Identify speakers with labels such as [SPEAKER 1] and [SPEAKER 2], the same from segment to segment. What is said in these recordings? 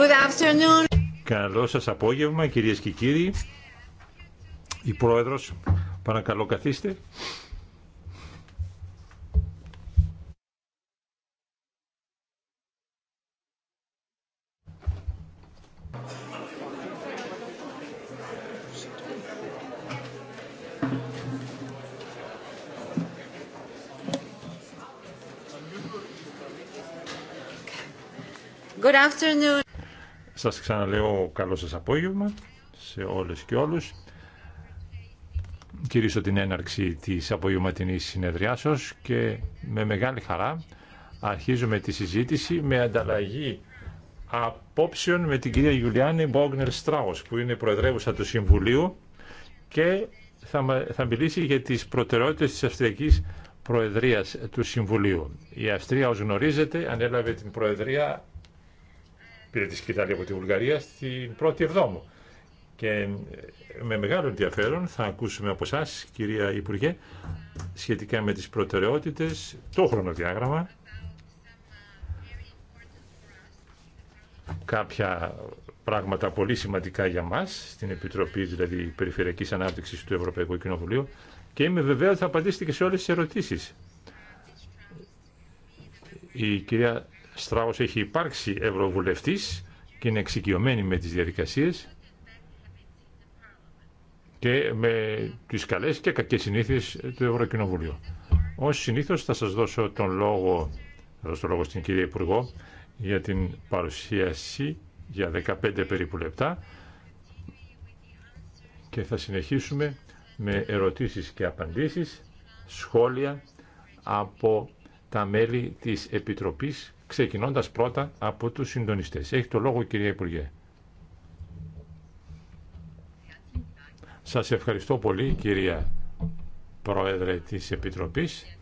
[SPEAKER 1] Good afternoon.
[SPEAKER 2] Καλό σας απόγευμα κυρίες και κύριοι. Η Πρόεδρος, παρακαλώ καθίστε.
[SPEAKER 3] Good afternoon.
[SPEAKER 2] Σας ξαναλέω καλό σας απόγευμα σε όλες και όλους. Κυρίσω την έναρξη της απογευματινής συνεδριάσεως και με μεγάλη χαρά αρχίζουμε τη συζήτηση με ανταλλαγή απόψεων με την κυρία Γιουλιάνη Μπόγνερ Στράους που είναι Προεδρεύουσα του Συμβουλίου και θα, θα μιλήσει για τις προτεραιότητες της Αυστριακής Προεδρίας του Συμβουλίου. Η Αυστρία, ως γνωρίζετε, ανέλαβε την Προεδρία πήρε τη σκητάλη από τη Βουλγαρία στην πρώτη εβδόμου. Και ε, με μεγάλο ενδιαφέρον θα ακούσουμε από εσά, κυρία Υπουργέ, σχετικά με τις προτεραιότητες, το χρονοδιάγραμμα, κάποια πράγματα πολύ σημαντικά για μας, στην Επιτροπή δηλαδή Περιφερειακής Ανάπτυξης του Ευρωπαϊκού Κοινοβουλίου και είμαι βεβαίως θα απαντήσετε και σε όλες τις ερωτήσεις. Η κυρία Στράους έχει υπάρξει ευρωβουλευτής και είναι εξοικειωμένη με τις διαδικασίες και με τις καλές και κακές συνήθειες του Ευρωκοινοβουλίου. Ως συνήθως θα σας δώσω τον λόγο, θα τον λόγο στην κυρία Υπουργό για την παρουσίαση για 15 περίπου λεπτά και θα συνεχίσουμε με ερωτήσεις και απαντήσεις, σχόλια από τα μέλη της Επιτροπής ξεκινώντας πρώτα από τους συντονιστές. Έχει το λόγο κυρία Υπουργέ. Σας ευχαριστώ πολύ κυρία Πρόεδρε της Επιτροπής.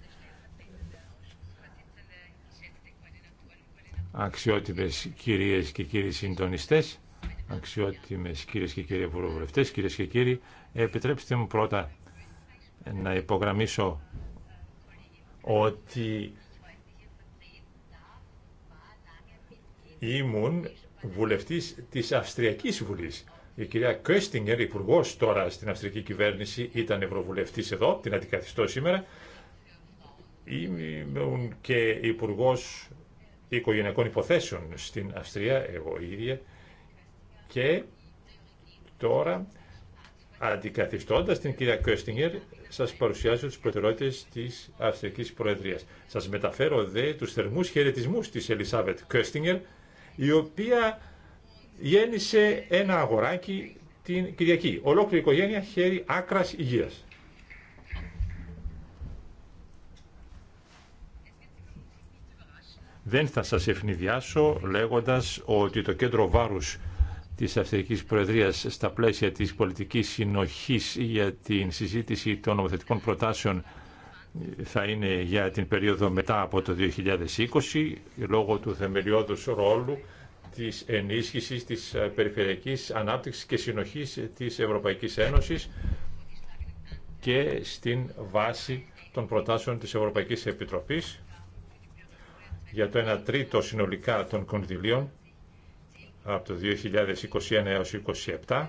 [SPEAKER 2] Αξιότιμες κυρίες και κύριοι συντονιστές, αξιότιμες κυρίες και κύριοι βουλευτές, κυρίες και κύριοι, επιτρέψτε μου πρώτα να υπογραμμίσω ότι ήμουν βουλευτής της Αυστριακής Βουλής. Η κυρία Κέστιγκερ, υπουργό τώρα στην Αυστριακή κυβέρνηση, ήταν ευρωβουλευτή εδώ, την αντικαθιστώ σήμερα. Ήμουν και υπουργό οικογενειακών υποθέσεων στην Αυστρία, εγώ ίδια. Και τώρα, αντικαθιστώντα την κυρία Κέστιγκερ, σα παρουσιάζω τι προτεραιότητε τη Αυστριακή Προεδρία. Σα μεταφέρω δε του θερμού χαιρετισμού τη Ελισάβετ Κέστιγκερ η οποία γέννησε ένα αγοράκι την Κυριακή. Ολόκληρη οικογένεια χέρι άκρας υγείας. Δεν θα σας ευνηδιάσω λέγοντας ότι το κέντρο βάρους της Αυστρικής Προεδρίας στα πλαίσια της πολιτικής συνοχής για την συζήτηση των νομοθετικών προτάσεων θα είναι για την περίοδο μετά από το 2020 λόγω του θεμελιώδους ρόλου της ενίσχυσης της ε, περιφερειακής ανάπτυξης και συνοχής της Ευρωπαϊκής Ένωσης και στην βάση των προτάσεων της Ευρωπαϊκής Επιτροπής για το 1 τρίτο συνολικά των κονδυλίων από το 2021 έως 2027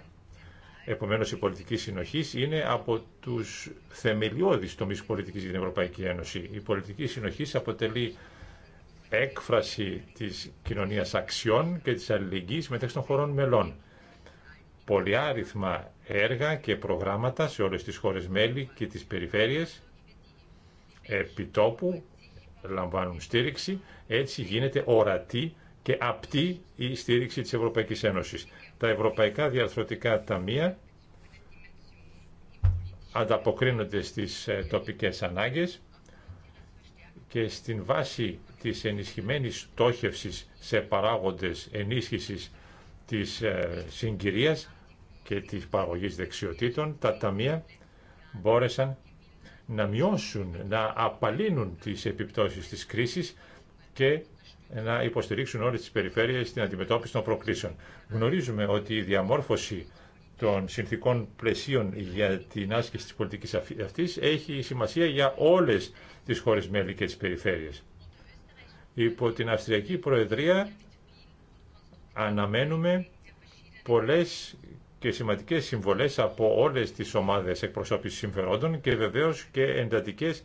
[SPEAKER 2] Επομένως, η πολιτική συνοχή είναι από τους θεμελιώδεις τομεί πολιτικής για την Ευρωπαϊκή Ένωση. Η πολιτική συνοχή αποτελεί έκφραση της κοινωνία αξιών και της αλληλεγγύη μεταξύ των χωρών μελών. Πολυάριθμα έργα και προγράμματα σε όλες τις χώρε μέλη και τις περιφέρειες επιτόπου λαμβάνουν στήριξη. Έτσι γίνεται ορατή και απτή η στήριξη της Ευρωπαϊκής Ένωσης τα ευρωπαϊκά διαρθρωτικά ταμεία ανταποκρίνονται στις ε, τοπικές ανάγκες και στην βάση της ενισχυμένης στόχευσης σε παράγοντες ενίσχυσης της ε, συγκυρίας και της παραγωγής δεξιοτήτων, τα ταμεία μπόρεσαν να μειώσουν, να απαλύνουν τις επιπτώσεις της κρίσης και να υποστηρίξουν όλες τις περιφέρειες στην αντιμετώπιση των προκλήσεων. Γνωρίζουμε ότι η διαμόρφωση των συνθήκων πλαισίων για την άσκηση της πολιτικής αυτής έχει σημασία για όλες τις χώρες μέλη και τις περιφέρειες. Υπό την Αυστριακή Προεδρία αναμένουμε πολλές και σημαντικές συμβολές από όλες τις ομάδες εκπροσώπησης συμφερόντων και βεβαίως και εντατικές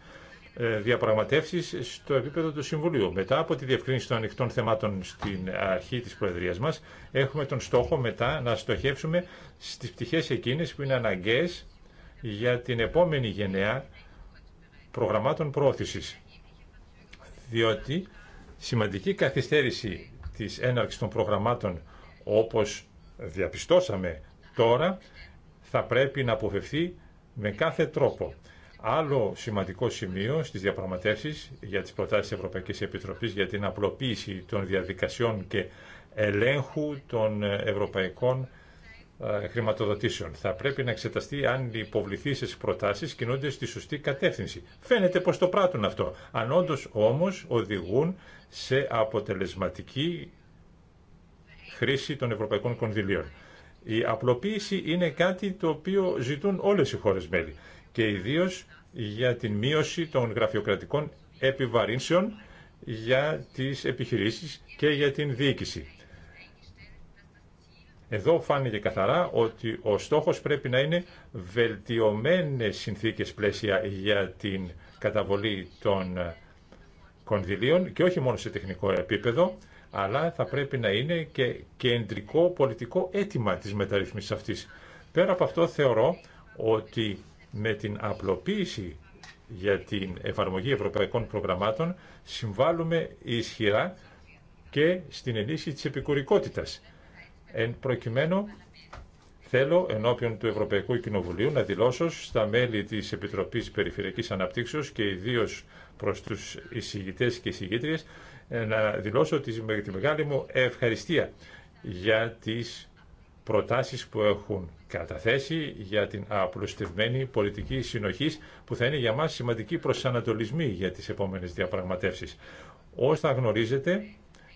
[SPEAKER 2] ε, διαπραγματεύσεις στο επίπεδο του Συμβουλίου. Μετά από τη διευκρίνηση των ανοιχτών θεμάτων στην αρχή της Προεδρίας μας, έχουμε τον στόχο μετά να στοχεύσουμε στις πτυχές εκείνες που είναι αναγκαίες για την επόμενη γενεά προγραμμάτων προώθησης. Διότι σημαντική καθυστέρηση της έναρξης των προγραμμάτων όπως διαπιστώσαμε τώρα θα πρέπει να αποφευθεί με κάθε τρόπο. Άλλο σημαντικό σημείο στις διαπραγματεύσεις για τις προτάσεις της Ευρωπαϊκής Επιτροπής για την απλοποίηση των διαδικασιών και ελέγχου των ευρωπαϊκών ε, χρηματοδοτήσεων. Θα πρέπει να εξεταστεί αν οι υποβληθήσεις προτάσεις κινούνται στη σωστή κατεύθυνση. Φαίνεται πως το πράττουν αυτό. Αν όντως όμως οδηγούν σε αποτελεσματική χρήση των ευρωπαϊκών κονδυλίων. Η απλοποίηση είναι κάτι το οποίο ζητούν όλες οι χώρες μέλη και ιδίως για την μείωση των γραφειοκρατικών επιβαρύνσεων για τις επιχειρήσεις και για την διοίκηση. Εδώ φάνηκε καθαρά ότι ο στόχος πρέπει να είναι βελτιωμένες συνθήκες πλαίσια για την καταβολή των κονδυλίων και όχι μόνο σε τεχνικό επίπεδο, αλλά θα πρέπει να είναι και κεντρικό πολιτικό αίτημα της μεταρρύθμισης αυτής. Πέρα από αυτό θεωρώ ότι με την απλοποίηση για την εφαρμογή ευρωπαϊκών προγραμμάτων συμβάλλουμε ισχυρά και στην ενίσχυση της επικουρικότητας. Εν προκειμένου, θέλω ενώπιον του Ευρωπαϊκού Κοινοβουλίου να δηλώσω στα μέλη της Επιτροπής Περιφερειακής Αναπτύξεως και ιδίως προς τους εισηγητές και εισηγήτριες ε, να δηλώσω τη μεγάλη μου ευχαριστία για τις προτάσεις που έχουν καταθέσει για την απλουστευμένη πολιτική συνοχής που θα είναι για μας σημαντική προσανατολισμή για τις επόμενες διαπραγματεύσεις. Όσο θα γνωρίζετε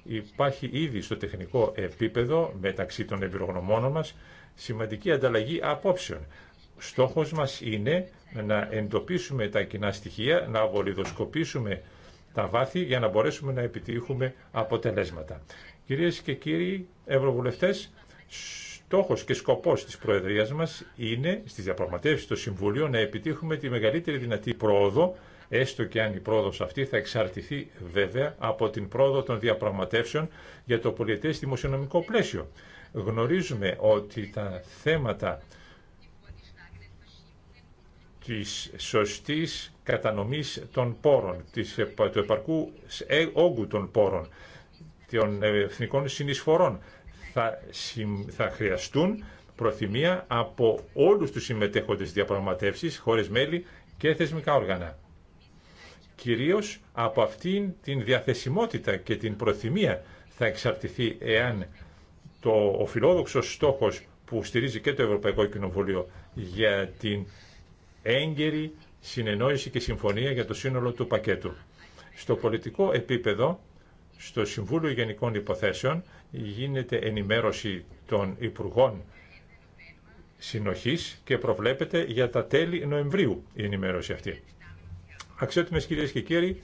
[SPEAKER 2] υπάρχει ήδη στο τεχνικό επίπεδο μεταξύ των εμπειρογνωμόνων μας σημαντική ανταλλαγή απόψεων. Στόχος μας είναι να εντοπίσουμε τα κοινά στοιχεία, να βολιδοσκοπήσουμε τα βάθη για να μπορέσουμε να επιτύχουμε αποτελέσματα. Κυρίες και κύριοι Ευρωβουλευτές, Τόχος και σκοπός της Προεδρίας μας είναι στι διαπραγματεύσεις του Συμβουλίου να επιτύχουμε τη μεγαλύτερη δυνατή πρόοδο, έστω και αν η πρόοδος αυτή θα εξαρτηθεί βέβαια από την πρόοδο των διαπραγματεύσεων για το πολιετές δημοσιονομικό πλαίσιο. Γνωρίζουμε ότι τα θέματα της σωστής κατανομής των πόρων, της, του επαρκού ε, όγκου των πόρων, των ε, εθνικών συνεισφορών, θα, θα χρειαστούν προθυμία από όλους τους συμμετέχοντες διαπραγματεύσεις, χώρες μέλη και θεσμικά όργανα. Κυρίως από αυτήν την διαθεσιμότητα και την προθυμία θα εξαρτηθεί εάν το, ο φιλόδοξος στόχος που στηρίζει και το Ευρωπαϊκό Κοινοβούλιο για την έγκαιρη συνεννόηση και συμφωνία για το σύνολο του πακέτου. Στο πολιτικό επίπεδο, στο Συμβούλιο Γενικών Υποθέσεων, γίνεται ενημέρωση των Υπουργών Συνοχής και προβλέπεται για τα τέλη Νοεμβρίου η ενημέρωση αυτή. Αξιότιμες κυρίες και κύριοι,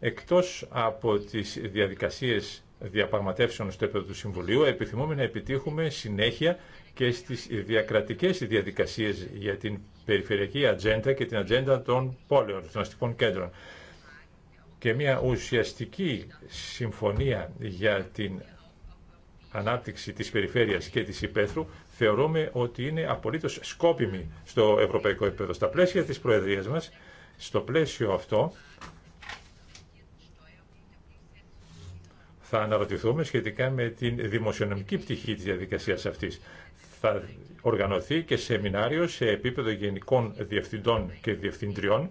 [SPEAKER 2] εκτός από τις διαδικασίες διαπραγματεύσεων στο επίπεδο του Συμβουλίου, επιθυμούμε να επιτύχουμε συνέχεια και στις διακρατικές διαδικασίες για την περιφερειακή ατζέντα και την ατζέντα των πόλεων, των αστικών κέντρων. Και μια ουσιαστική συμφωνία για την ανάπτυξη της περιφέρειας και της υπαίθρου θεωρούμε ότι είναι απολύτως σκόπιμη στο ευρωπαϊκό επίπεδο. Στα πλαίσια της Προεδρίας μας, στο πλαίσιο αυτό, θα αναρωτηθούμε σχετικά με την δημοσιονομική πτυχή της διαδικασίας αυτής. Θα οργανωθεί και σεμινάριο σε επίπεδο γενικών διευθυντών και διευθυντριών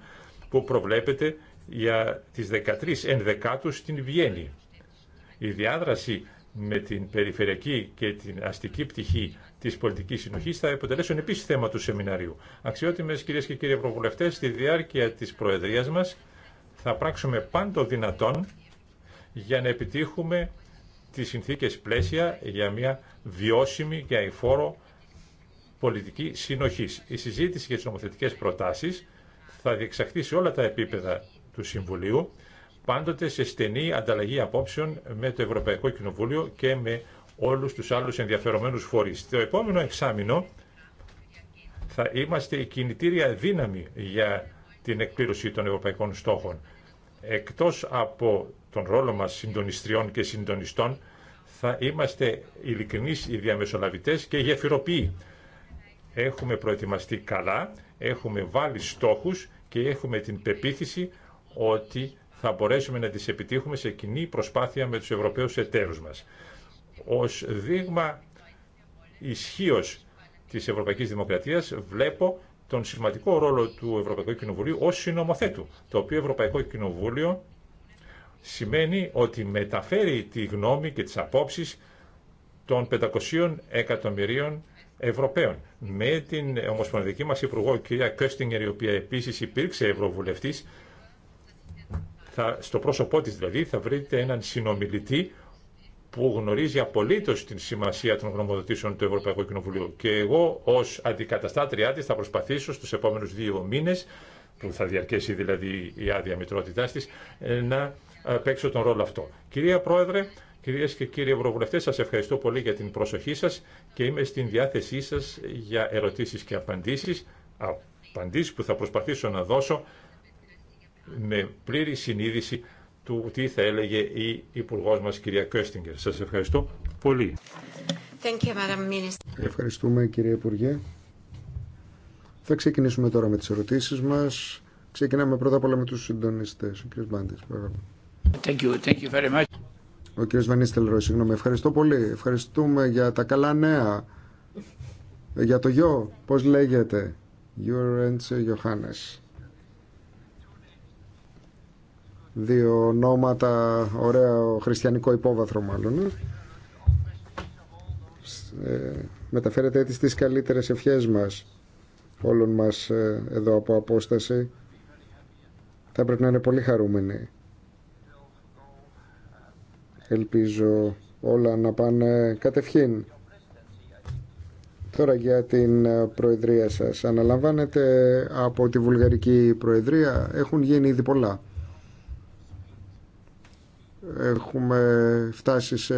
[SPEAKER 2] που προβλέπεται για τις 13 ενδεκάτου στην Βιέννη. Η διάδραση με την περιφερειακή και την αστική πτυχή τη πολιτική συνοχή θα αποτελέσουν επίση θέμα του σεμιναρίου. Αξιότιμε κυρίε και κύριοι Ευρωβουλευτέ, στη διάρκεια τη Προεδρία μα θα πράξουμε πάντο δυνατόν για να επιτύχουμε τις συνθήκες πλαίσια για μια βιώσιμη και αηφόρο πολιτική συνοχής. Η συζήτηση για τις νομοθετικές προτάσεις θα διεξαχθεί σε όλα τα επίπεδα του Συμβουλίου πάντοτε σε στενή ανταλλαγή απόψεων με το Ευρωπαϊκό Κοινοβούλιο και με όλους τους άλλους ενδιαφερομένους φορείς. Το επόμενο εξάμεινο θα είμαστε η κινητήρια δύναμη για την εκπλήρωση των ευρωπαϊκών στόχων. Εκτός από τον ρόλο μας συντονιστριών και συντονιστών, θα είμαστε ειλικρινείς οι διαμεσολαβητές και γεφυροποιοί. Έχουμε προετοιμαστεί καλά, έχουμε βάλει στόχους και έχουμε την πεποίθηση ότι θα μπορέσουμε να τις επιτύχουμε σε κοινή προσπάθεια με τους Ευρωπαίους εταίρους μας. Ως δείγμα ισχύω της Ευρωπαϊκής Δημοκρατίας βλέπω τον σημαντικό ρόλο του Ευρωπαϊκού Κοινοβουλίου ως συνομοθέτου, το οποίο Ευρωπαϊκό Κοινοβούλιο σημαίνει ότι μεταφέρει τη γνώμη και τις απόψεις των 500 εκατομμυρίων Ευρωπαίων. Με την ομοσπονδική μας Υπουργό, κυρία Κέστιγκερ, η οποία επίσης υπήρξε Ευρωβουλευτής, θα, στο πρόσωπό της δηλαδή, θα βρείτε έναν συνομιλητή που γνωρίζει απολύτως την σημασία των γνωμοδοτήσεων του Ευρωπαϊκού Κοινοβουλίου. Και εγώ ως αντικαταστάτριά της θα προσπαθήσω στους επόμενους δύο μήνες, που θα διαρκέσει δηλαδή η άδεια μητρότητά της, ε, να ε, παίξω τον ρόλο αυτό. Κυρία Πρόεδρε, Κυρίε και κύριοι Ευρωβουλευτέ, σα ευχαριστώ πολύ για την προσοχή σα και είμαι στην διάθεσή σα για ερωτήσει και απαντήσει. Απαντήσει που θα προσπαθήσω να δώσω με πλήρη συνείδηση του τι θα έλεγε η Υπουργός μας κυρία Κέστιγκερ. Σας ευχαριστώ
[SPEAKER 4] πολύ.
[SPEAKER 3] Thank you, Madam
[SPEAKER 4] Ευχαριστούμε κύριε Υπουργέ. Θα ξεκινήσουμε τώρα με τις ερωτήσεις μας. Ξεκινάμε πρώτα απ' όλα με τους συντονιστές. Ο κύριος Μπάντης, Thank
[SPEAKER 2] you. Thank you very much.
[SPEAKER 4] Ο κύριος Βανίστελρο, συγγνώμη. Ευχαριστώ πολύ. Ευχαριστούμε για τα καλά νέα. Ε, για το γιο, πώς λέγεται. Johannes δύο ονόματα, ωραίο χριστιανικό υπόβαθρο μάλλον. Ε, ε μεταφέρετε έτσι τις καλύτερες ευχές μας όλων μας ε, εδώ από απόσταση θα πρέπει να είναι πολύ χαρούμενοι ελπίζω όλα να πάνε κατευχήν τώρα για την ε, προεδρία σας αναλαμβάνετε από τη Βουλγαρική Προεδρία έχουν γίνει ήδη πολλά Έχουμε φτάσει σε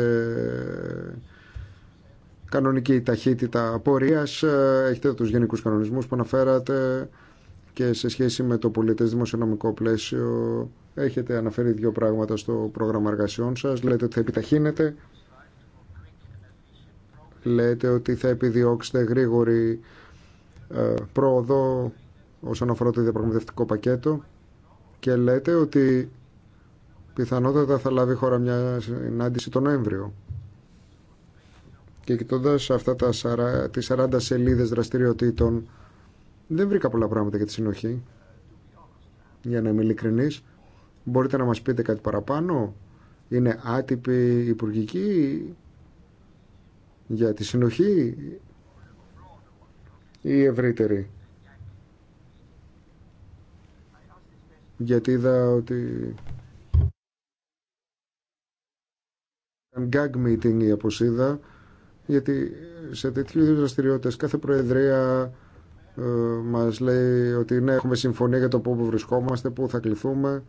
[SPEAKER 4] κανονική ταχύτητα πορείας. Έχετε τους γενικούς κανονισμούς που αναφέρατε και σε σχέση με το πολιτές δημοσιονομικό πλαίσιο έχετε αναφέρει δύο πράγματα στο πρόγραμμα εργασιών σας. Λέτε ότι θα επιταχύνετε. Λέτε ότι θα επιδιώξετε γρήγορη ε, πρόοδο όσον αφορά το διαπραγματευτικό πακέτο και λέτε ότι Πιθανότατα θα λάβει χώρα μια συνάντηση τον Νοέμβριο. Και κοιτώντα αυτά τα 40, τις 40 σελίδες δραστηριοτήτων, δεν βρήκα πολλά πράγματα για τη συνοχή. Για να είμαι ειλικρινής, μπορείτε να μας πείτε κάτι παραπάνω. Είναι άτυπη υπουργική για τη συνοχή ή ευρύτερη. Γιατί είδα ότι gag meeting η αποσίδα, γιατί σε τέτοιου είδου δραστηριότητε κάθε προεδρία ε, μα λέει ότι ναι, έχουμε συμφωνία για το πού βρισκόμαστε, πού θα κληθούμε.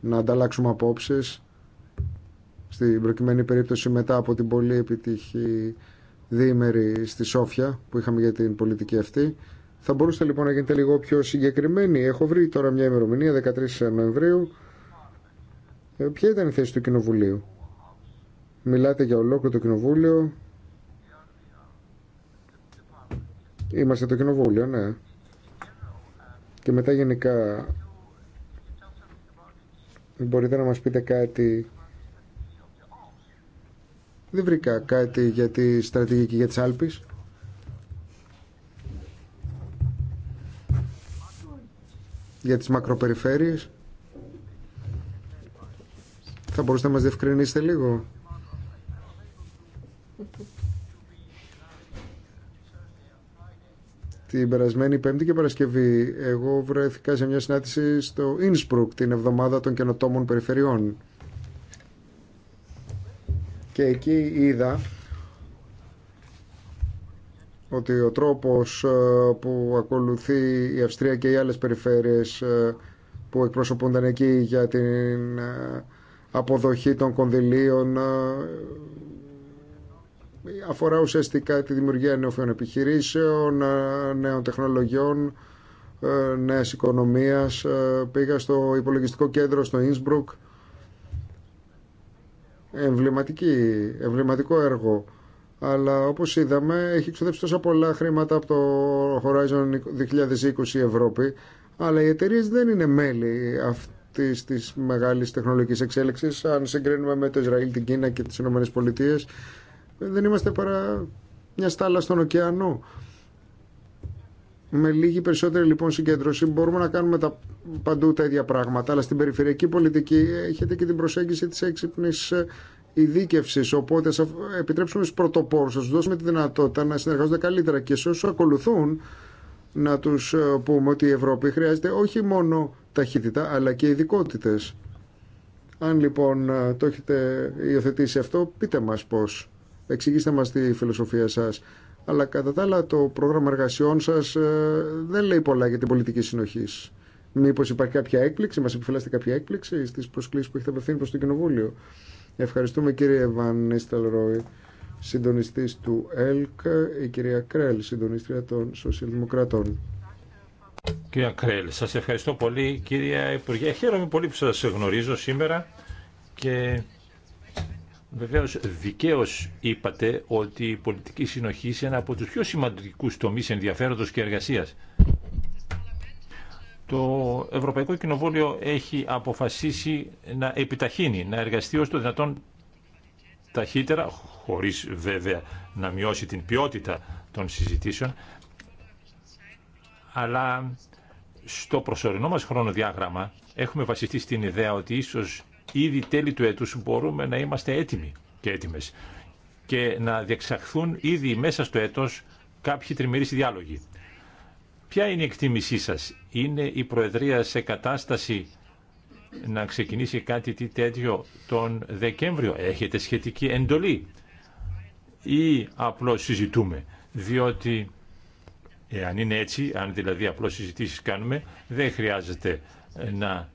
[SPEAKER 4] Να ανταλλάξουμε απόψει. Στην προκειμένη περίπτωση, μετά από την πολύ επιτυχή διήμερη στη Σόφια που είχαμε για την πολιτική αυτή. Θα μπορούσατε λοιπόν να γίνετε λίγο πιο συγκεκριμένοι. Έχω βρει τώρα μια ημερομηνία 13 Νοεμβρίου. Ε, ποια ήταν η θέση του Κοινοβουλίου. Μιλάτε για ολόκληρο το Κοινοβούλιο. Είμαστε το Κοινοβούλιο, ναι. Και μετά γενικά μπορείτε να μας πείτε κάτι δεν βρήκα κάτι για τη στρατηγική για τις Άλπεις. Για τις μακροπεριφέρειες. Θα μπορούσατε να μας διευκρινίσετε λίγο. Την περασμένη Πέμπτη και Παρασκευή εγώ βρέθηκα σε μια συνάντηση στο Ίνσπρουκ την εβδομάδα των καινοτόμων περιφερειών. Και εκεί είδα ότι ο τρόπος ε, που ακολουθεί η Αυστρία και οι άλλες περιφέρειες ε, που εκπροσωπούνταν εκεί για την ε, αποδοχή των κονδυλίων ε, αφορά ουσιαστικά τη δημιουργία νέων επιχειρήσεων, ε, νέων τεχνολογιών, ε, νέας οικονομίας. Πήγα στο υπολογιστικό κέντρο στο Ινσμπρουκ. Εμβληματική, εμβληματικό έργο. Αλλά όπως είδαμε έχει ξοδέψει τόσα πολλά χρήματα από το Horizon 2020 η Ευρώπη. Αλλά οι εταιρείε δεν είναι μέλη αυτή αυτή τη μεγάλη τεχνολογική εξέλιξη, αν συγκρίνουμε με το Ισραήλ, την Κίνα και τι ΗΠΑ, δεν είμαστε παρά μια στάλα στον ωκεανό. Με λίγη περισσότερη λοιπόν συγκέντρωση μπορούμε να κάνουμε τα, παντού τα ίδια πράγματα. Αλλά στην περιφερειακή πολιτική έχετε και την προσέγγιση τη έξυπνη ε, ειδίκευση. Οπότε επιτρέψουμε στου πρωτοπόρου να του δώσουμε τη δυνατότητα να συνεργάζονται καλύτερα και σε όσου ακολουθούν να τους ε, πούμε ότι η Ευρώπη χρειάζεται όχι μόνο ταχύτητα αλλά και ειδικότητε. Αν λοιπόν ε, το έχετε υιοθετήσει αυτό, πείτε μας πώς. Εξηγήστε μας τη φιλοσοφία σας. Αλλά κατά τα άλλα το πρόγραμμα εργασιών σας ε, δεν λέει πολλά για την πολιτική συνοχή. Μήπως υπάρχει κάποια έκπληξη, μας επιφυλάσσετε κάποια έκπληξη στις προσκλήσεις που έχετε απευθύνει προς το Κοινοβούλιο. Ευχαριστούμε κύριε Βαν συντονιστής του ΕΛΚ, η κυρία Κρέλ, συντονίστρια των Σοσιαλδημοκρατών.
[SPEAKER 2] Κυρία Κρέλ, σας ευχαριστώ πολύ. Κυρία Υπουργέ, χαίρομαι πολύ που σας γνωρίζω σήμερα και βεβαίως δικαίως είπατε ότι η πολιτική συνοχή είναι ένα από τους πιο σημαντικούς τομείς ενδιαφέροντος και εργασίας. Το Ευρωπαϊκό Κοινοβούλιο έχει αποφασίσει να επιταχύνει, να εργαστεί ως το δυνατόν ταχύτερα, χωρίς βέβαια να μειώσει την ποιότητα των συζητήσεων, αλλά στο προσωρινό μας χρονοδιάγραμμα έχουμε βασιστεί στην ιδέα ότι ίσως ήδη τέλη του έτους μπορούμε να είμαστε έτοιμοι και έτοιμες και να διεξαχθούν ήδη μέσα στο έτος κάποιοι τριμμυρίσεις διάλογοι. Ποια είναι η εκτίμησή σας, είναι η Προεδρία σε κατάσταση να ξεκινήσει κάτι τι τέτοιο τον Δεκέμβριο. Έχετε σχετική εντολή ή απλώς συζητούμε. Διότι εάν είναι έτσι, αν δηλαδή απλώς συζητήσεις κάνουμε, δεν χρειάζεται ε, να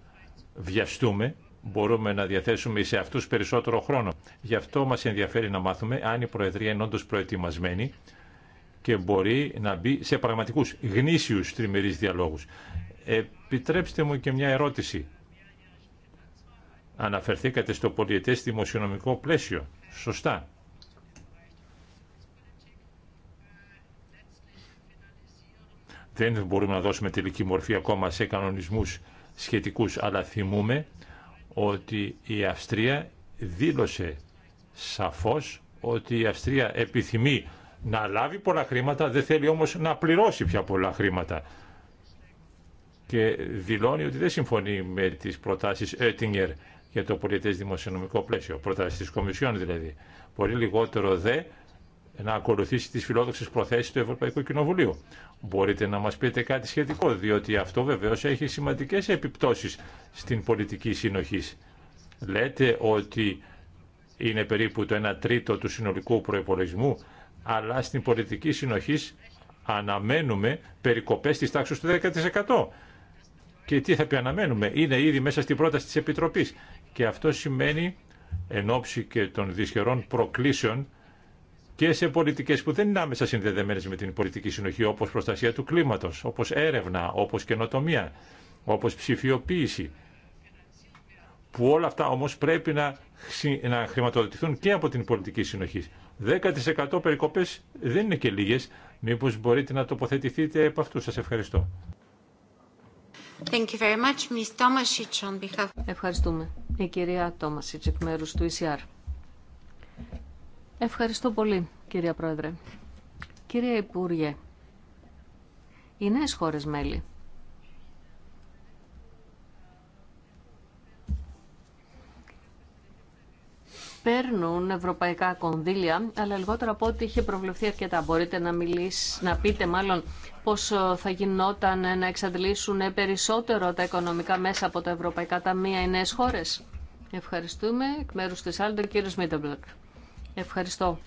[SPEAKER 2] βιαστούμε. Μπορούμε να διαθέσουμε σε αυτούς περισσότερο χρόνο. Γι' αυτό μας ενδιαφέρει να μάθουμε αν η Προεδρία είναι όντως προετοιμασμένη και μπορεί να μπει σε πραγματικούς γνήσιους τριμερείς διαλόγους. Επιτρέψτε μου και μια ερώτηση. Αναφερθήκατε στο πολιετές δημοσιονομικό πλαίσιο. Σωστά. Δεν μπορούμε να δώσουμε τελική μορφή ακόμα σε κανονισμούς σχετικούς, αλλά θυμούμε ότι η Αυστρία δήλωσε σαφώς ότι η Αυστρία επιθυμεί να λάβει πολλά χρήματα, δεν θέλει όμως να πληρώσει πια πολλά χρήματα. Και δηλώνει ότι δεν συμφωνεί με τις προτάσεις Oettinger για το πολιτέ δημοσιονομικό πλαίσιο, προτάσεις τη Κομισιόν δηλαδή. Πολύ λιγότερο δε να ακολουθήσει τι φιλόδοξε προθέσει του Ευρωπαϊκού Κοινοβουλίου. Μπορείτε να μα πείτε κάτι σχετικό, διότι αυτό βεβαίω έχει σημαντικέ επιπτώσει στην πολιτική συνοχή. Λέτε ότι είναι περίπου το 1 τρίτο του συνολικού προπολογισμού, αλλά στην πολιτική συνοχή αναμένουμε περικοπέ τη τάξη του 10%. Και τι θα πει αναμένουμε, είναι ήδη μέσα στην πρόταση τη επιτροπή. Και αυτό σημαίνει εν ώψη και των δυσχερών προκλήσεων και σε πολιτικές που δεν είναι άμεσα συνδεδεμένες με την πολιτική συνοχή όπως προστασία του κλίματος, όπως έρευνα, όπως καινοτομία, όπως ψηφιοποίηση που όλα αυτά όμως πρέπει να, να χρηματοδοτηθούν και από την πολιτική συνοχή. 10% περικοπές δεν είναι και λίγες. Μήπως μπορείτε να τοποθετηθείτε από αυτού. Σας ευχαριστώ.
[SPEAKER 3] Thank you very much. Ms. on behalf... Ευχαριστούμε η κυρία Τόμασιτς εκ μέρους του ECR. Ευχαριστώ πολύ, κυρία Πρόεδρε. Κύριε Υπουργέ, οι νέες χώρες μέλη παίρνουν ευρωπαϊκά κονδύλια, αλλά λιγότερο από ό,τι είχε προβλεφθεί αρκετά. Μπορείτε να, μιλήσει, να πείτε μάλλον πως ε, θα γινόταν να εξαντλήσουν περισσότερο τα οικονομικά μέσα από τα ευρωπαϊκά ταμεία οι νέες χώρες. Ευχαριστούμε. Εκ μέρους της Άλντερ, κύριο Σμίτεμπλεκ. Ευχαριστώ.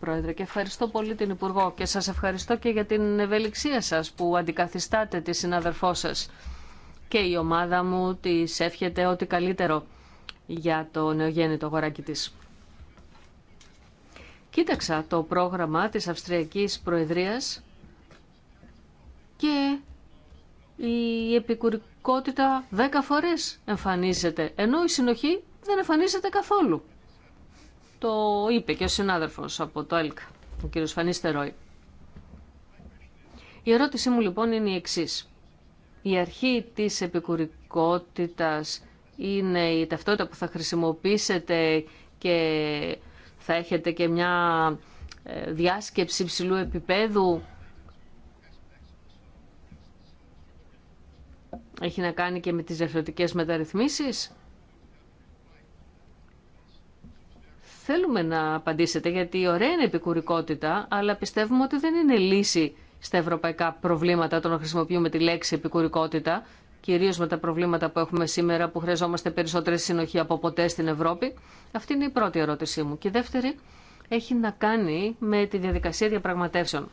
[SPEAKER 3] Πρόεδρε, και ευχαριστώ πολύ την Υπουργό και σας ευχαριστώ και για την ευελιξία σας που αντικαθιστάτε τη συναδερφό σας. Και η ομάδα μου τη εύχεται ό,τι καλύτερο για το νεογέννητο αγοράκι της. Κοίταξα το πρόγραμμα της Αυστριακής Προεδρίας και η επικουρικότητα δέκα φορές εμφανίζεται, ενώ η συνοχή δεν εμφανίζεται καθόλου. Το είπε και ο συνάδελφος από το ΕΛΚ, ο κύριο Φανίστερόι. Η ερώτησή μου λοιπόν είναι η εξής. Η αρχή της επικουρικότητας είναι η ταυτότητα που θα χρησιμοποιήσετε και θα έχετε και μια ε, διάσκεψη ψηλού επίπεδου Έχει να κάνει και με τις διαφορετικές μεταρρυθμίσεις. Θέλουμε να απαντήσετε γιατί ωραία είναι η επικουρικότητα, αλλά πιστεύουμε ότι δεν είναι λύση στα ευρωπαϊκά προβλήματα το να χρησιμοποιούμε τη λέξη επικουρικότητα, κυρίως με τα προβλήματα που έχουμε σήμερα που χρειαζόμαστε περισσότερη συνοχή από ποτέ στην Ευρώπη. Αυτή είναι η πρώτη ερώτησή μου. Και η δεύτερη έχει να κάνει με τη διαδικασία διαπραγματεύσεων.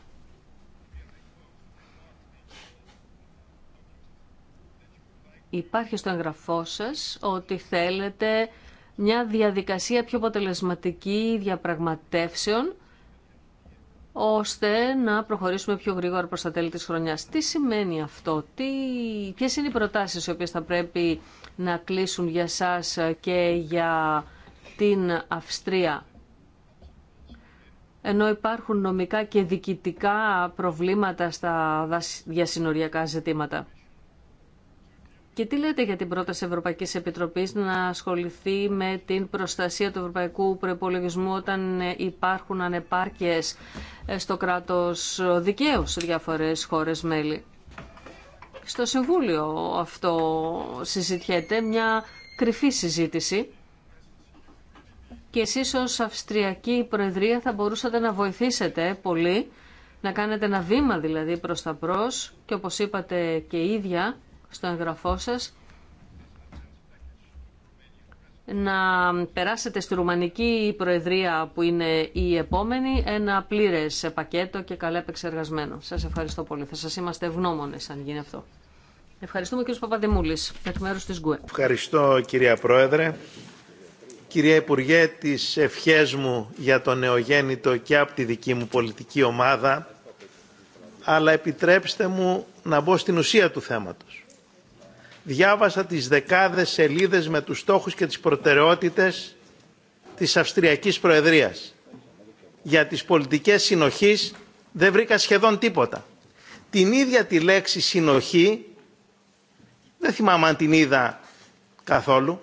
[SPEAKER 3] Υπάρχει στο εγγραφό σας ότι θέλετε μια διαδικασία πιο αποτελεσματική διαπραγματεύσεων ώστε να προχωρήσουμε πιο γρήγορα προς τα τέλη της χρονιάς. Τι σημαίνει αυτό, τι, ποιες είναι οι προτάσεις οι οποίες θα πρέπει να κλείσουν για σας και για την Αυστρία. Ενώ υπάρχουν νομικά και διοικητικά προβλήματα στα διασυνοριακά ζητήματα. Και τι λέτε για την πρόταση Ευρωπαϊκής Επιτροπής να ασχοληθεί με την προστασία του ευρωπαϊκού προϋπολογισμού όταν ε, υπάρχουν ανεπάρκειες ε, στο κράτος δικαίου σε διάφορες χώρες μέλη. Στο Συμβούλιο αυτό συζητιέται μια κρυφή συζήτηση και εσείς ως Αυστριακή Προεδρία θα μπορούσατε να βοηθήσετε πολύ, να κάνετε ένα βήμα δηλαδή προς τα πρός και όπως είπατε και ίδια στο εγγραφό σας να περάσετε στη Ρουμανική Προεδρία που είναι η επόμενη ένα πλήρες πακέτο και καλά επεξεργασμένο. Σας ευχαριστώ πολύ. Θα σας είμαστε ευγνώμονες αν γίνει αυτό. Ευχαριστούμε κύριο Παπαδημούλης, εκ μέρου της ΓΚΟΕ.
[SPEAKER 1] Ευχαριστώ κυρία Πρόεδρε. Κυρία Υπουργέ, τις ευχές μου για το νεογέννητο και από τη δική μου πολιτική ομάδα, αλλά επιτρέψτε μου να μπω στην ουσία του θέματος διάβασα τις δεκάδες σελίδες με τους στόχους και τις προτεραιότητες της Αυστριακής Προεδρίας. Για τις πολιτικές συνοχής δεν βρήκα σχεδόν τίποτα. Την ίδια τη λέξη συνοχή, δεν θυμάμαι αν την είδα καθόλου,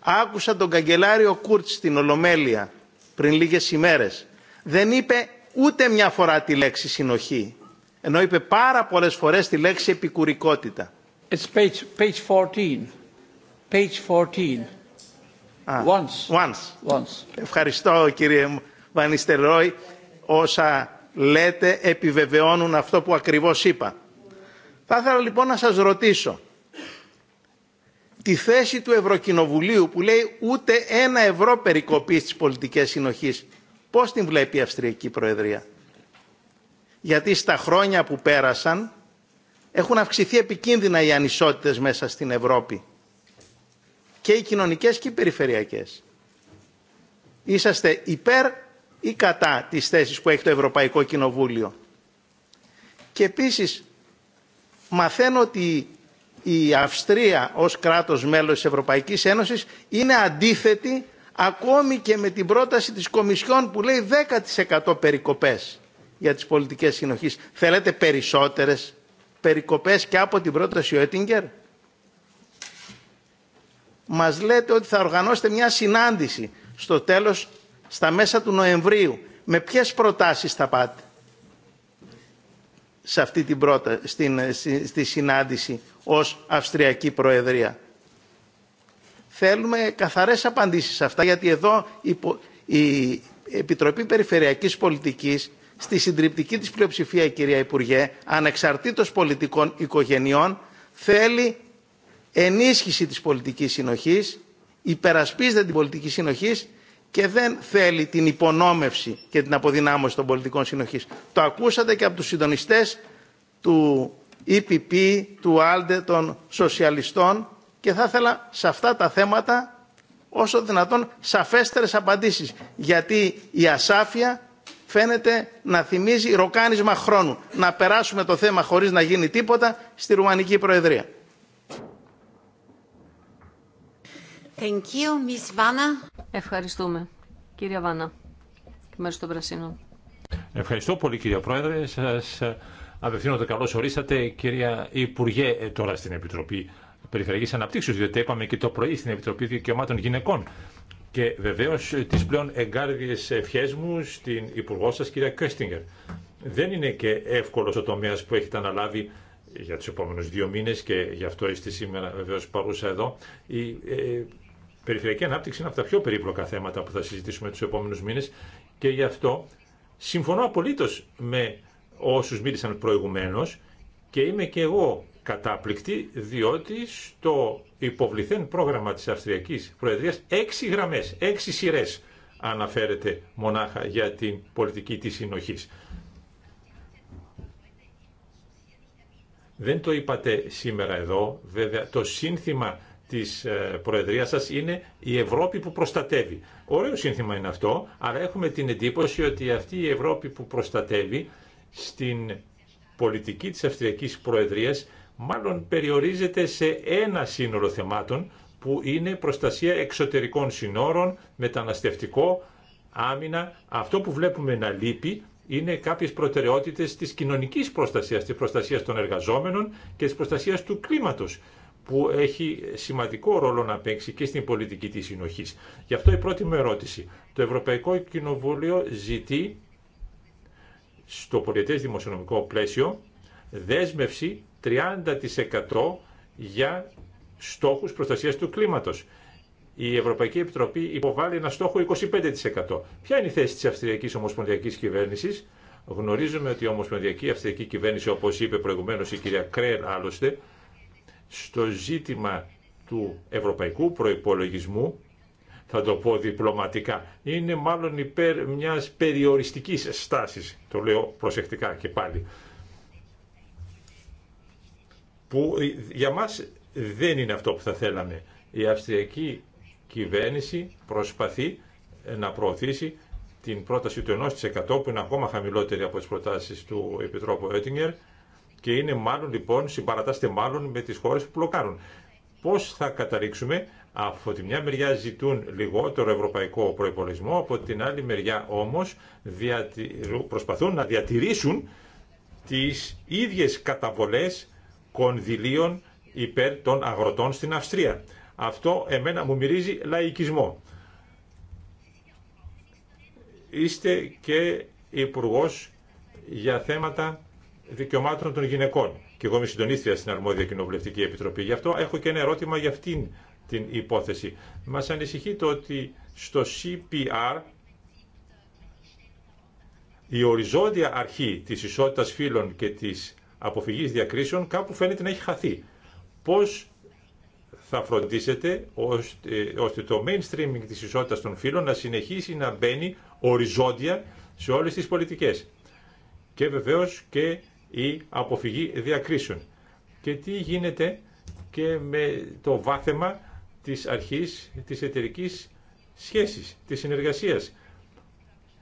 [SPEAKER 1] άκουσα τον καγκελάριο Κούρτ στην Ολομέλεια πριν λίγες ημέρες. Δεν είπε ούτε μια φορά τη λέξη συνοχή, ενώ είπε πάρα πολλές φορές τη λέξη επικουρικότητα page 14. Page 14. once. Ευχαριστώ κύριε Βανιστερόι. Όσα λέτε επιβεβαιώνουν αυτό που ακριβώς είπα. Θα ήθελα λοιπόν να σας ρωτήσω τη θέση του Ευρωκοινοβουλίου που λέει ούτε ένα ευρώ περικοπή στις πολιτικές συνοχής. Πώς την βλέπει η Αυστριακή Προεδρία. Γιατί στα χρόνια που πέρασαν έχουν αυξηθεί επικίνδυνα οι ανισότητες μέσα στην Ευρώπη. Και οι κοινωνικές και οι περιφερειακές. Είσαστε υπέρ ή κατά τις θέσεις που έχει το Ευρωπαϊκό Κοινοβούλιο. Και επίσης μαθαίνω ότι η Αυστρία ως κράτος μέλος της Ευρωπαϊκής Ένωσης είναι αντίθετη ακόμη και με την πρόταση της Κομισιόν που λέει 10% περικοπές για τις πολιτικές συνοχής. Θέλετε περισσότερες περικοπές και από την πρόταση Οέτιγκερ. Μας λέτε ότι θα οργανώσετε μια συνάντηση στο τέλος, στα μέσα του Νοεμβρίου. Με ποιες προτάσεις θα πάτε σε αυτή την στη συνάντηση ως Αυστριακή Προεδρία. Θέλουμε καθαρές απαντήσεις σε αυτά, γιατί εδώ η Επιτροπή Περιφερειακής Πολιτικής στη συντριπτική της πλειοψηφία, κυρία Υπουργέ, ανεξαρτήτως πολιτικών οικογενειών, θέλει ενίσχυση της πολιτικής συνοχής, υπερασπίζεται την πολιτική συνοχής και δεν θέλει την υπονόμευση και την αποδυνάμωση των πολιτικών συνοχής. Το ακούσατε και από τους συντονιστές του EPP, του ALDE, των σοσιαλιστών και θα ήθελα σε αυτά τα θέματα όσο δυνατόν σαφέστερες απαντήσεις γιατί η ασάφεια φαίνεται να θυμίζει ροκάνισμα χρόνου. Να περάσουμε το θέμα χωρίς να γίνει τίποτα στη Ρουμανική Προεδρία.
[SPEAKER 3] Thank you, Miss Vanna. Ευχαριστούμε. Κύριε Βάνα, μέρος των Πρασίνων.
[SPEAKER 2] Ευχαριστώ πολύ κύριε Πρόεδρε. Σας απευθύνω το καλώς ορίσατε κυρία Υπουργέ ε, τώρα στην Επιτροπή Περιφερειακής Αναπτύξεως, διότι είπαμε και το πρωί στην Επιτροπή Δικαιωμάτων Γυναικών και βεβαίω ε, τι πλέον εγκάρδιες ευχέ μου στην Υπουργό σα, κυρία Κέστιγκερ. Δεν είναι και εύκολος ο τομέα που έχετε αναλάβει για του επόμενου δύο μήνες και γι' αυτό είστε σήμερα βεβαίως παρούσα εδώ. Η ε, περιφερειακή ανάπτυξη είναι από τα πιο περίπλοκα θέματα που θα συζητήσουμε του επόμενου μήνες και γι' αυτό συμφωνώ απολύτω με όσου μίλησαν προηγουμένω και είμαι και εγώ κατάπληκτη, διότι στο υποβληθέν πρόγραμμα της Αυστριακής Προεδρίας έξι γραμμές, έξι σειρές αναφέρεται μονάχα για την πολιτική της συνοχής. Δεν το είπατε σήμερα εδώ, βέβαια το σύνθημα της ε, Προεδρίας σας είναι η Ευρώπη που προστατεύει. Ωραίο σύνθημα είναι αυτό, αλλά έχουμε την εντύπωση ότι αυτή η Ευρώπη που προστατεύει στην πολιτική της Αυστριακής Προεδρίας μάλλον περιορίζεται σε ένα σύνολο θεμάτων που είναι προστασία εξωτερικών συνόρων, μεταναστευτικό, άμυνα. Αυτό που βλέπουμε να λείπει είναι κάποιες προτεραιότητες της κοινωνικής προστασίας, της προστασίας των εργαζόμενων και της προστασίας του κλίματος που έχει σημαντικό ρόλο να παίξει και στην πολιτική της συνοχής. Γι' αυτό η πρώτη μου ερώτηση. Το Ευρωπαϊκό Κοινοβούλιο ζητεί στο πολιτές δημοσιονομικό πλαίσιο δέσμευση 30% για στόχους προστασίας του κλίματος. Η Ευρωπαϊκή Επιτροπή υποβάλλει ένα στόχο 25%. Ποια είναι η θέση της Αυστριακής Ομοσπονδιακής Κυβέρνησης. Γνωρίζουμε ότι η Ομοσπονδιακή Αυστριακή Κυβέρνηση, όπως είπε προηγουμένως η κυρία Κρέρ άλλωστε, στο ζήτημα του ευρωπαϊκού προϋπολογισμού, θα το πω διπλωματικά, είναι μάλλον υπέρ μιας περιοριστικής στάσης, το λέω προσεκτικά και πάλι που ε, για μας δεν είναι αυτό που θα θέλαμε. Η αυστριακή κυβέρνηση προσπαθεί ε, να προωθήσει την πρόταση του 1% που είναι ακόμα χαμηλότερη από τις προτάσεις του Επιτρόπου Έτιγκερ και είναι μάλλον λοιπόν, συμπαρατάστε μάλλον με τις χώρες που πλοκάρουν. Πώς θα καταρρίξουμε, από τη μια μεριά ζητούν λιγότερο ευρωπαϊκό προϋπολογισμό, από την άλλη μεριά όμως προσπαθούν να διατηρήσουν τις ίδιες καταβολές κονδυλίων υπέρ των αγροτών στην Αυστρία. Αυτό εμένα μου μυρίζει λαϊκισμό. Είστε και υπουργό για θέματα δικαιωμάτων των γυναικών. Και εγώ είμαι συντονίστρια στην Αρμόδια Κοινοβουλευτική Επιτροπή. Γι' αυτό έχω και ένα ερώτημα για αυτήν την υπόθεση. Μας ανησυχεί το ότι στο CPR η οριζόντια αρχή της ισότητας φύλων και της αποφυγής διακρίσεων κάπου φαίνεται να έχει χαθεί. Πώς θα φροντίσετε ώστε, το mainstreaming της ισότητας των φύλων να συνεχίσει να μπαίνει οριζόντια σε όλες τις πολιτικές. Και βεβαίως και η αποφυγή διακρίσεων. Και τι γίνεται και με το βάθεμα της αρχής της εταιρική σχέσης, της συνεργασίας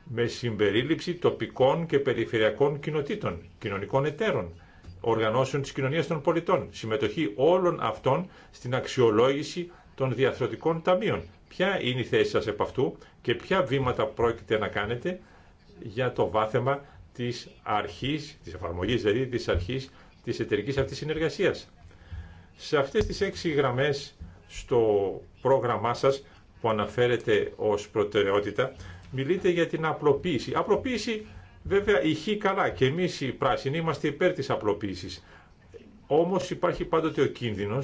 [SPEAKER 2] με συμπερίληψη τοπικών και περιφερειακών κοινοτήτων, κοινωνικών εταίρων οργανώσεων της κοινωνίας των πολιτών. Συμμετοχή όλων αυτών στην αξιολόγηση των διαθροτικών ταμείων. Ποια είναι η θέση σας επ' αυτού και ποια βήματα πρόκειται να κάνετε για το βάθεμα της αρχής, της εφαρμογής δηλαδή, της αρχής της εταιρικής αυτής συνεργασίας. Σε αυτές τις έξι γραμμές στο πρόγραμμά σας που αναφέρετε ως προτεραιότητα, μιλείτε για την απλοποίηση. Απλοποίηση Βέβαια, η χ καλά και εμεί, οι πράσινοι είμαστε υπέρ τη απλοποίησης. Όμως υπάρχει πάντοτε ο κίνδυνο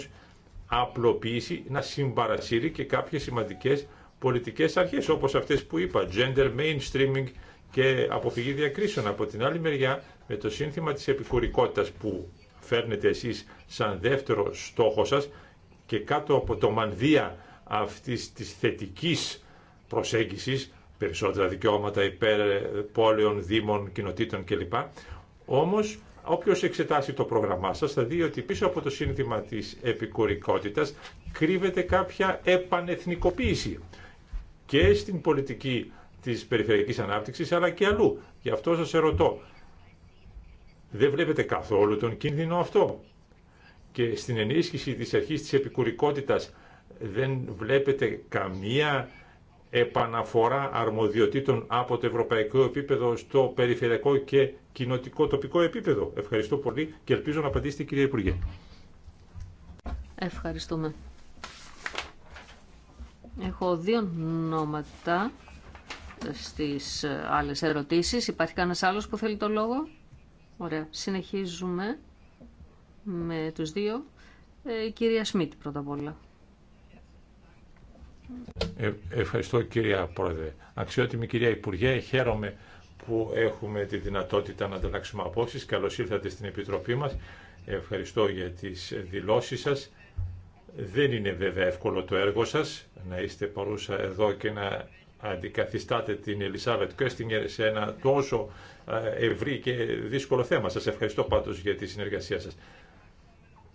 [SPEAKER 2] απλοποίηση να συμπαρασύρει και κάποιες σημαντικές πολιτικές αρχές, όπως αυτές που είπα, gender mainstreaming και αποφυγή διακρίσεων. Από την άλλη μεριά, με το σύνθημα της επικουρικότητας που φέρνετε εσείς σαν δεύτερο στόχο σα και κάτω από το μανδύα αυτής της θετικής προσέγγισης περισσότερα δικαιώματα υπέρ πόλεων, δήμων, κοινοτήτων κλπ. Όμως, όποιος εξετάσει το πρόγραμμά σας θα δει ότι πίσω από το σύνθημα της επικουρικότητας κρύβεται κάποια επανεθνικοποίηση και στην πολιτική της περιφερειακής ανάπτυξης αλλά και αλλού. Γι' αυτό σας ερωτώ, δεν βλέπετε καθόλου τον κίνδυνο αυτό. Και στην ενίσχυση της αρχής της επικουρικότητας δεν βλέπετε καμία επαναφορά αρμοδιοτήτων από το ευρωπαϊκό επίπεδο στο περιφερειακό και κοινοτικό τοπικό επίπεδο. Ευχαριστώ πολύ και ελπίζω να απαντήσετε κύριε Υπουργέ.
[SPEAKER 3] Ευχαριστούμε. Έχω δύο νόματα στις άλλες ερωτήσεις. Υπάρχει κανένας άλλος που θέλει το λόγο. Ωραία. Συνεχίζουμε με τους δύο. Ε, η κυρία Σμίτ πρώτα απ' όλα.
[SPEAKER 2] Ε, ευχαριστώ κυρία Πρόεδρε. Αξιότιμη κυρία Υπουργέ, χαίρομαι που έχουμε τη δυνατότητα να ανταλλάξουμε απόψεις. Καλώς ήρθατε στην Επιτροπή μας. Ευχαριστώ για τις δηλώσεις σας. Δεν είναι βέβαια εύκολο το έργο σας να είστε παρούσα εδώ και να αντικαθιστάτε την Ελισάβετ Κέστινγκερ σε ένα τόσο ευρύ και δύσκολο θέμα. Σας ευχαριστώ πάντως για τη συνεργασία σας.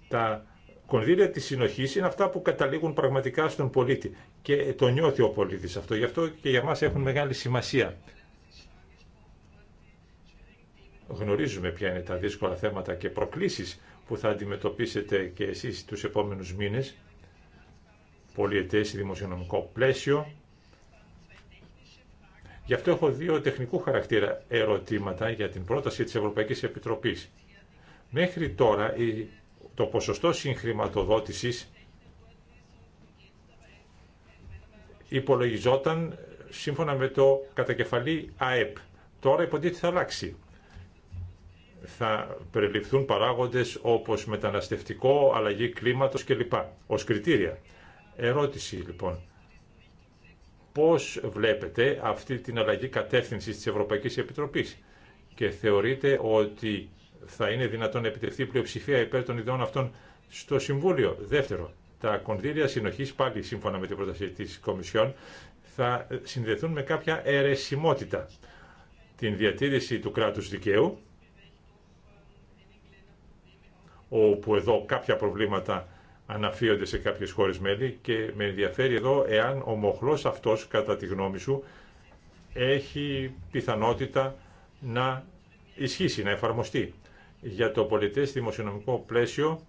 [SPEAKER 2] Τα κονδύλια της συνοχή είναι αυτά που καταλήγουν πραγματικά στον πολίτη και το νιώθει ο πολίτης αυτό. Γι' αυτό και για μας έχουν μεγάλη σημασία. Γνωρίζουμε ποια είναι τα δύσκολα θέματα και προκλήσεις που θα αντιμετωπίσετε και εσείς τους επόμενους μήνες. Πολιετές, δημοσιονομικό πλαίσιο. Γι' αυτό έχω δύο τεχνικού χαρακτήρα ερωτήματα για την πρόταση της Ευρωπαϊκής Επιτροπής. Μέχρι τώρα η το ποσοστό συγχρηματοδότησης υπολογιζόταν σύμφωνα με το κατακεφαλή ΑΕΠ. Τώρα υποτίθεται θα αλλάξει. Θα περιληφθούν παράγοντες όπως μεταναστευτικό, αλλαγή κλίματος κλπ. ως κριτήρια. Ερώτηση λοιπόν. Πώς βλέπετε αυτή την αλλαγή κατεύθυνσης της Ευρωπαϊκής Επιτροπής και θεωρείτε ότι θα είναι δυνατόν να επιτευχθεί πλειοψηφία υπέρ των ιδεών αυτών στο Συμβούλιο. Δεύτερο, τα κονδύλια συνοχή, πάλι σύμφωνα με την πρόταση τη Κομισιόν, θα συνδεθούν με κάποια αιρεσιμότητα. Την διατήρηση του κράτους δικαίου, όπου εδώ κάποια προβλήματα αναφύονται σε κάποιες χώρες μέλη και με ενδιαφέρει εδώ εάν ο μοχλό αυτός, κατά τη γνώμη σου, έχει πιθανότητα να ισχύσει, να εφαρμοστεί για το πολιτές δημοσιονομικό πλαίσιο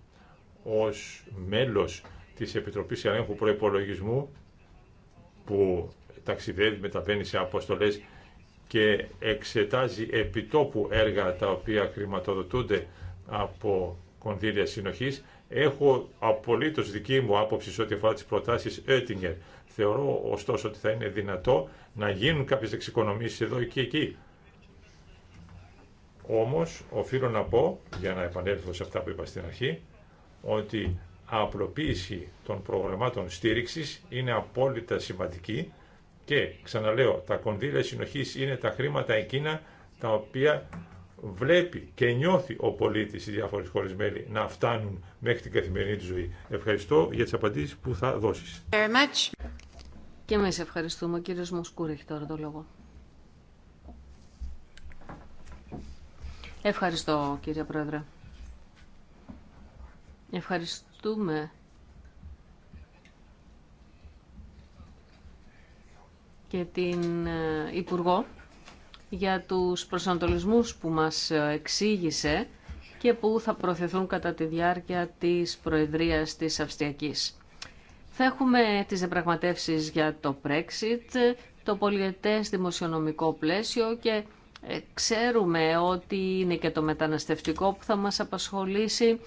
[SPEAKER 2] ως μέλος της Επιτροπής Ελέγχου Προϋπολογισμού που ταξιδεύει, μεταβαίνει σε αποστολές και εξετάζει επιτόπου έργα τα οποία χρηματοδοτούνται από κονδύλια συνοχής. Έχω απολύτως δική μου άποψη σε ό,τι αφορά τις προτάσεις Oettinger. Θεωρώ ωστόσο ότι θα είναι δυνατό να γίνουν κάποιες εξοικονομήσεις εδώ και εκεί. Όμως, οφείλω να πω, για να επανέλθω σε αυτά που είπα στην αρχή, ότι απλοποίηση των προγραμμάτων στήριξης είναι απόλυτα σημαντική και, ξαναλέω, τα κονδύλια συνοχής είναι τα χρήματα εκείνα τα οποία βλέπει και νιώθει ο πολίτη οι διάφορε χώρε μέλη να φτάνουν μέχρι την καθημερινή του ζωή. Ευχαριστώ για τι απαντήσει που θα δώσει.
[SPEAKER 3] Και εμεί ευχαριστούμε. Ο κύριο Μοσκούρη έχει τώρα το λόγο. Ευχαριστώ κύριε Πρόεδρε. Ευχαριστούμε και την ε, Υπουργό για τους προσανατολισμούς που μας ε, εξήγησε και που θα προθεθούν κατά τη διάρκεια της Προεδρίας της Αυστιακής. Θα έχουμε τις διαπραγματεύσεις για το Brexit, το πολιετές δημοσιονομικό πλαίσιο και ε, ξέρουμε ότι είναι και το μεταναστευτικό που θα μας απασχολήσει,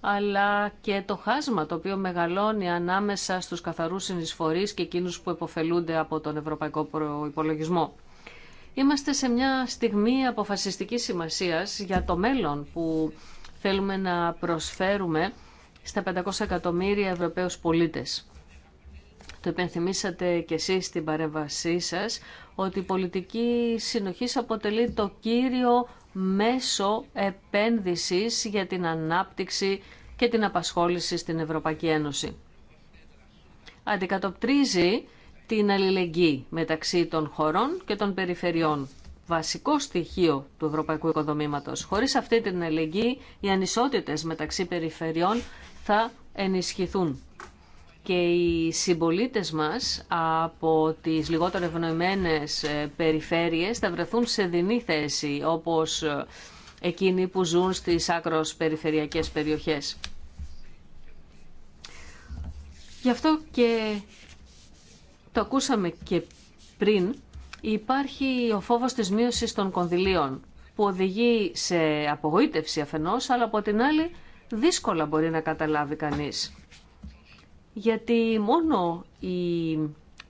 [SPEAKER 3] αλλά και το χάσμα το οποίο μεγαλώνει ανάμεσα στους καθαρούς συνεισφορείς και εκείνους που επωφελούνται από τον Ευρωπαϊκό Προϋπολογισμό. Είμαστε σε μια στιγμή αποφασιστικής σημασίας για το μέλλον που θέλουμε να προσφέρουμε στα 500 εκατομμύρια Ευρωπαίους πολίτες. Το υπενθυμίσατε και εσείς στην παρέμβασή σας ότι η πολιτική συνοχής αποτελεί το κύριο μέσο επένδυσης για την ανάπτυξη και την απασχόληση στην Ευρωπαϊκή Ένωση. Αντικατοπτρίζει την αλληλεγγύη μεταξύ των χωρών και των περιφερειών. Βασικό στοιχείο του ευρωπαϊκού οικοδομήματος. Χωρίς αυτή την αλληλεγγύη, οι ανισότητες μεταξύ περιφερειών θα ενισχυθούν και οι συμπολίτες μας από τις λιγότερο ευνοημένες ε, περιφέρειες θα βρεθούν σε δινή θέση όπως ε, εκείνοι που ζουν στις άκρος περιφερειακές περιοχές. Γι' αυτό και το ακούσαμε και πριν, υπάρχει ο φόβος της μείωσης των κονδυλίων που οδηγεί σε απογοήτευση αφενός, αλλά από την άλλη δύσκολα μπορεί να καταλάβει κανείς γιατί μόνο η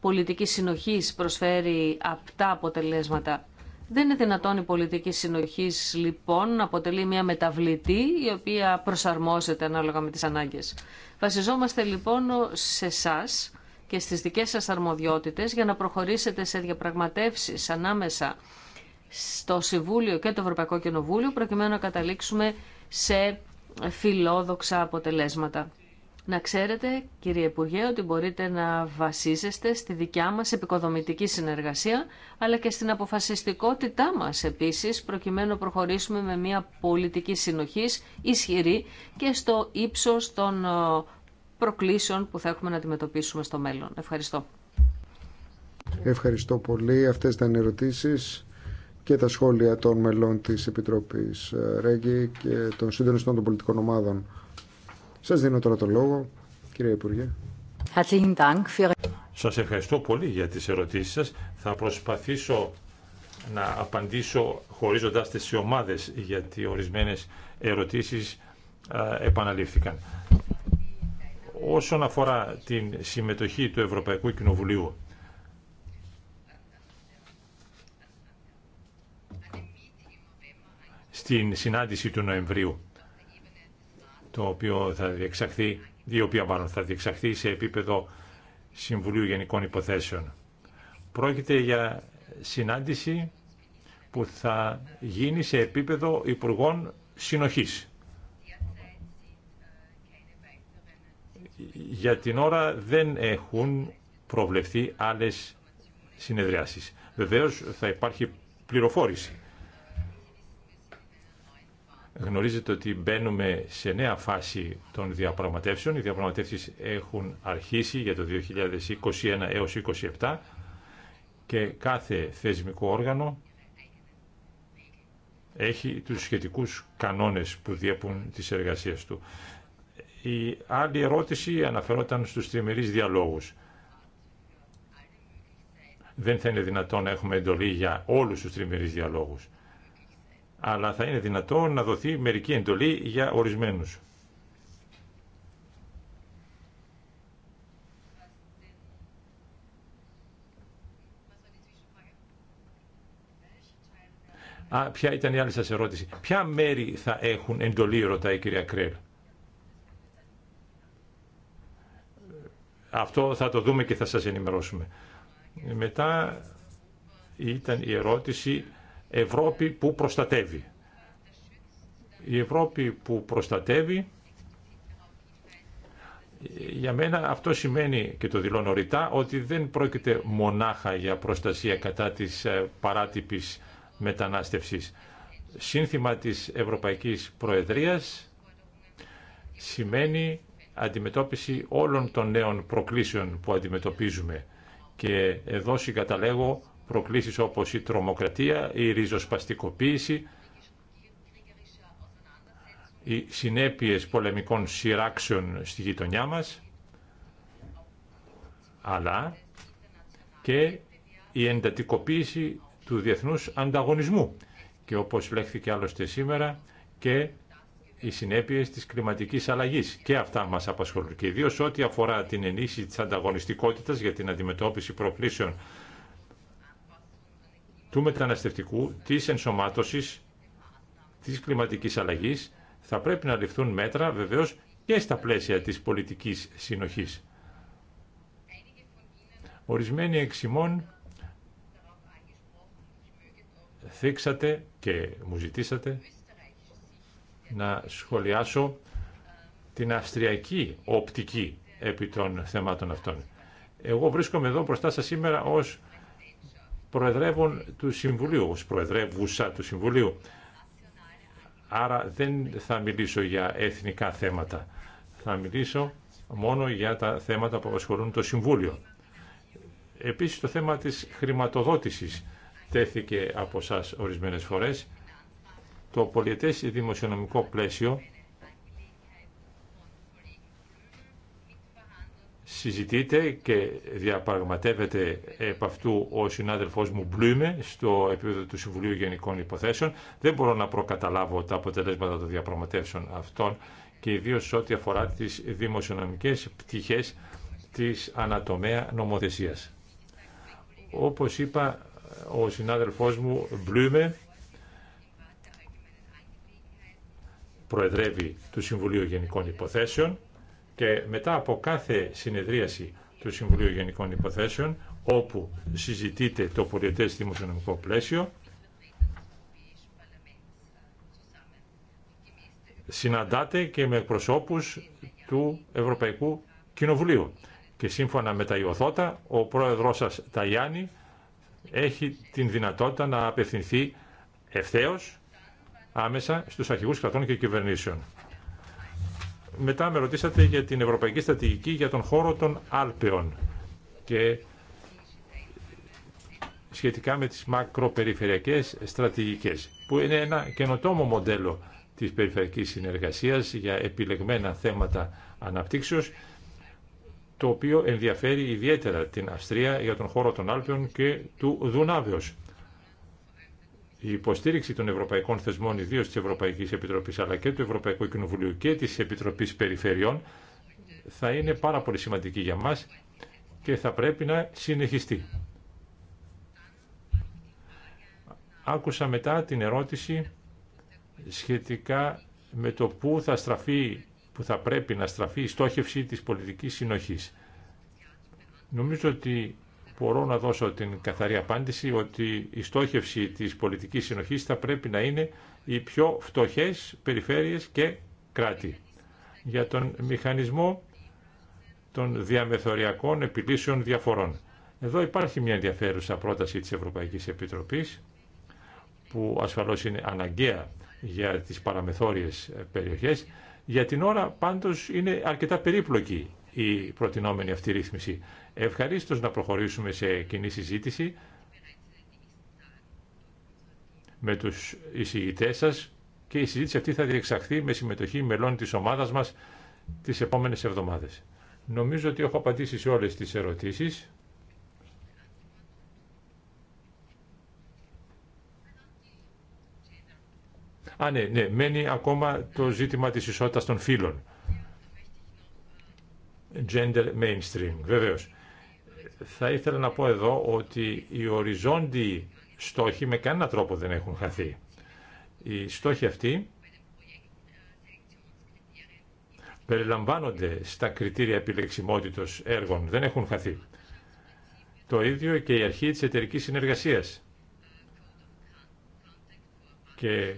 [SPEAKER 3] πολιτική συνοχής προσφέρει απτά αποτελέσματα. Δεν είναι δυνατόν η πολιτική συνοχής λοιπόν να αποτελεί μια μεταβλητή η οποία προσαρμόζεται ανάλογα με τις ανάγκες. Βασιζόμαστε λοιπόν σε εσά και στις δικές σας αρμοδιότητες για να προχωρήσετε σε διαπραγματεύσεις ανάμεσα στο Συμβούλιο και το Ευρωπαϊκό Κοινοβούλιο προκειμένου να καταλήξουμε σε φιλόδοξα αποτελέσματα. Να ξέρετε, κύριε Υπουργέ, ότι μπορείτε να βασίζεστε στη δικιά μας επικοδομητική συνεργασία, αλλά και στην αποφασιστικότητά μας επίσης, προκειμένου να προχωρήσουμε με μια πολιτική συνοχής ισχυρή και στο ύψος των ε, προκλήσεων που θα έχουμε να αντιμετωπίσουμε στο μέλλον. Ευχαριστώ.
[SPEAKER 4] Ευχαριστώ πολύ. Αυτές ήταν οι ερωτήσεις και τα σχόλια των μελών της Επιτροπής ε, Ρέγγι και των συντονιστών των πολιτικών ομάδων. Σας δίνω τώρα το λόγο, κύριε Υπουργέ. Σας ευχαριστώ πολύ για τις ερωτήσεις σας.
[SPEAKER 2] Θα προσπαθήσω να απαντήσω χωρίζοντας τις σε ομάδες, γιατί ορισμένες ερωτήσεις επαναλήφθηκαν. Όσον αφορά την συμμετοχή του Ευρωπαϊκού Κοινοβουλίου, στην συνάντηση του Νοεμβρίου το οποίο θα διεξαχθεί, η οποία μάλλον θα διεξαχθεί σε επίπεδο Συμβουλίου Γενικών Υποθέσεων. Πρόκειται για συνάντηση που θα γίνει σε επίπεδο Υπουργών Συνοχής. Για την ώρα δεν έχουν προβλεφθεί άλλες συνεδριάσεις. Βεβαίως θα υπάρχει πληροφόρηση Γνωρίζετε ότι μπαίνουμε σε νέα φάση των διαπραγματεύσεων. Οι διαπραγματεύσεις έχουν αρχίσει για το 2021 έως 2027 και κάθε θεσμικό όργανο έχει τους σχετικούς κανόνες που διέπουν τις εργασίες του. Η άλλη ερώτηση αναφερόταν στους τριμερείς διαλόγους. Δεν θα είναι δυνατόν να έχουμε εντολή για όλους τους τριμερείς διαλόγους αλλά θα είναι δυνατόν να δοθεί μερική εντολή για ορισμένους. Α, ποια ήταν η άλλη σας ερώτηση. Ποια μέρη θα έχουν εντολή, ρωτάει η κυρία Κρέλ. Αυτό θα το δούμε και θα σας ενημερώσουμε. Μετά ήταν η ερώτηση Ευρώπη που προστατεύει. Η Ευρώπη που προστατεύει, για μένα αυτό σημαίνει και το δηλώνω ρητά, ότι δεν πρόκειται μονάχα για προστασία κατά της ε, παράτυπης μετανάστευσης. Σύνθημα της Ευρωπαϊκής Προεδρίας σημαίνει αντιμετώπιση όλων των νέων προκλήσεων που αντιμετωπίζουμε. Και εδώ συγκαταλέγω προκλήσεις όπως η τρομοκρατία, η ριζοσπαστικοποίηση, οι συνέπειες πολεμικών σειράξεων στη γειτονιά μας, αλλά και η εντατικοποίηση του διεθνούς ανταγωνισμού και όπως λέχθηκε άλλωστε σήμερα και οι συνέπειες της κλιματικής αλλαγής. Και αυτά μας απασχολούν. Και ιδίως ό,τι αφορά την ενίσχυση της ανταγωνιστικότητας για την αντιμετώπιση προκλήσεων του μεταναστευτικού, της ενσωμάτωσης, της κλιματικής αλλαγής, θα πρέπει να ληφθούν μέτρα βεβαίως και στα πλαίσια της πολιτικής συνοχής. Ορισμένοι ημών θίξατε και μου ζητήσατε να σχολιάσω την αυστριακή οπτική επί των θεμάτων αυτών. Εγώ βρίσκομαι εδώ μπροστά σας σήμερα ως Προεδρεύουν του Συμβουλίου, ως προεδρεύουσα του Συμβουλίου. Άρα δεν θα μιλήσω για εθνικά θέματα. Θα μιλήσω μόνο για τα θέματα που απασχολούν το Συμβούλιο. Επίσης το θέμα της χρηματοδότησης τέθηκε από εσά ορισμένες φορές. Το πολιετές δημοσιονομικό πλαίσιο συζητείται και διαπραγματεύεται επ' αυτού ο συνάδελφός μου Μπλούμε στο επίπεδο του Συμβουλίου Γενικών Υποθέσεων. Δεν μπορώ να προκαταλάβω τα αποτελέσματα των διαπραγματεύσεων αυτών και ιδίω ό,τι αφορά τις δημοσιονομικές πτυχές της ανατομέα νομοθεσίας. Όπως είπα, ο συνάδελφός μου Μπλούμε προεδρεύει του Συμβουλίου Γενικών Υποθέσεων και μετά από κάθε συνεδρίαση του Συμβουλίου Γενικών Υποθέσεων όπου συζητείται το πολιτέ δημοσιονομικό πλαίσιο συναντάτε και με προσώπους του Ευρωπαϊκού Κοινοβουλίου. Και σύμφωνα με τα Ιωθώτα, ο πρόεδρός σας Ταγιάννη έχει την δυνατότητα να απευθυνθεί ευθέως άμεσα στους αρχηγούς κρατών και κυβερνήσεων. Μετά με ρωτήσατε για την Ευρωπαϊκή Στρατηγική για τον χώρο των Άλπαιων και σχετικά με τις μακροπεριφερειακές στρατηγικές, που είναι ένα καινοτόμο μοντέλο της περιφερειακής συνεργασίας για επιλεγμένα θέματα αναπτύξεως, το οποίο ενδιαφέρει ιδιαίτερα την Αυστρία για τον χώρο των Άλπαιων και του Δουνάβεως η υποστήριξη των ευρωπαϊκών θεσμών, ιδίω τη Ευρωπαϊκή Επιτροπή αλλά και του Ευρωπαϊκού Κοινοβουλίου και τη Επιτροπή Περιφερειών, θα είναι πάρα πολύ σημαντική για μα και θα πρέπει να συνεχιστεί. Άκουσα μετά την ερώτηση σχετικά με το πού θα στραφεί, που θα πρέπει να στραφεί η στόχευση της πολιτικής συνοχής. Νομίζω ότι μπορώ να δώσω την καθαρή απάντηση ότι η στόχευση της πολιτικής συνοχής θα πρέπει να είναι οι πιο φτωχές περιφέρειες και κράτη. Για τον μηχανισμό των διαμεθοριακών επιλύσεων διαφορών. Εδώ υπάρχει μια ενδιαφέρουσα πρόταση της Ευρωπαϊκής Επιτροπής που ασφαλώς είναι αναγκαία για τις παραμεθόριες περιοχές. Για την ώρα πάντως είναι αρκετά περίπλοκη η προτινόμενη αυτή ρύθμιση. Ευχαρίστως να προχωρήσουμε σε κοινή συζήτηση με τους εισηγητές σας και η συζήτηση αυτή θα διεξαχθεί με συμμετοχή μελών της ομάδας μας τις επόμενες εβδομάδες. Νομίζω ότι έχω απαντήσει σε όλες τις ερωτήσεις. Α, ναι, ναι, μένει ακόμα το ζήτημα της ισότητας των φύλων gender mainstream. Βεβαίως, θα ήθελα να πω εδώ ότι οι οριζόντιοι στόχοι με κανένα τρόπο δεν έχουν χαθεί. Οι στόχοι αυτοί περιλαμβάνονται στα κριτήρια επιλεξιμότητος έργων, δεν έχουν χαθεί. Το ίδιο και η αρχή της εταιρική συνεργασίας. Και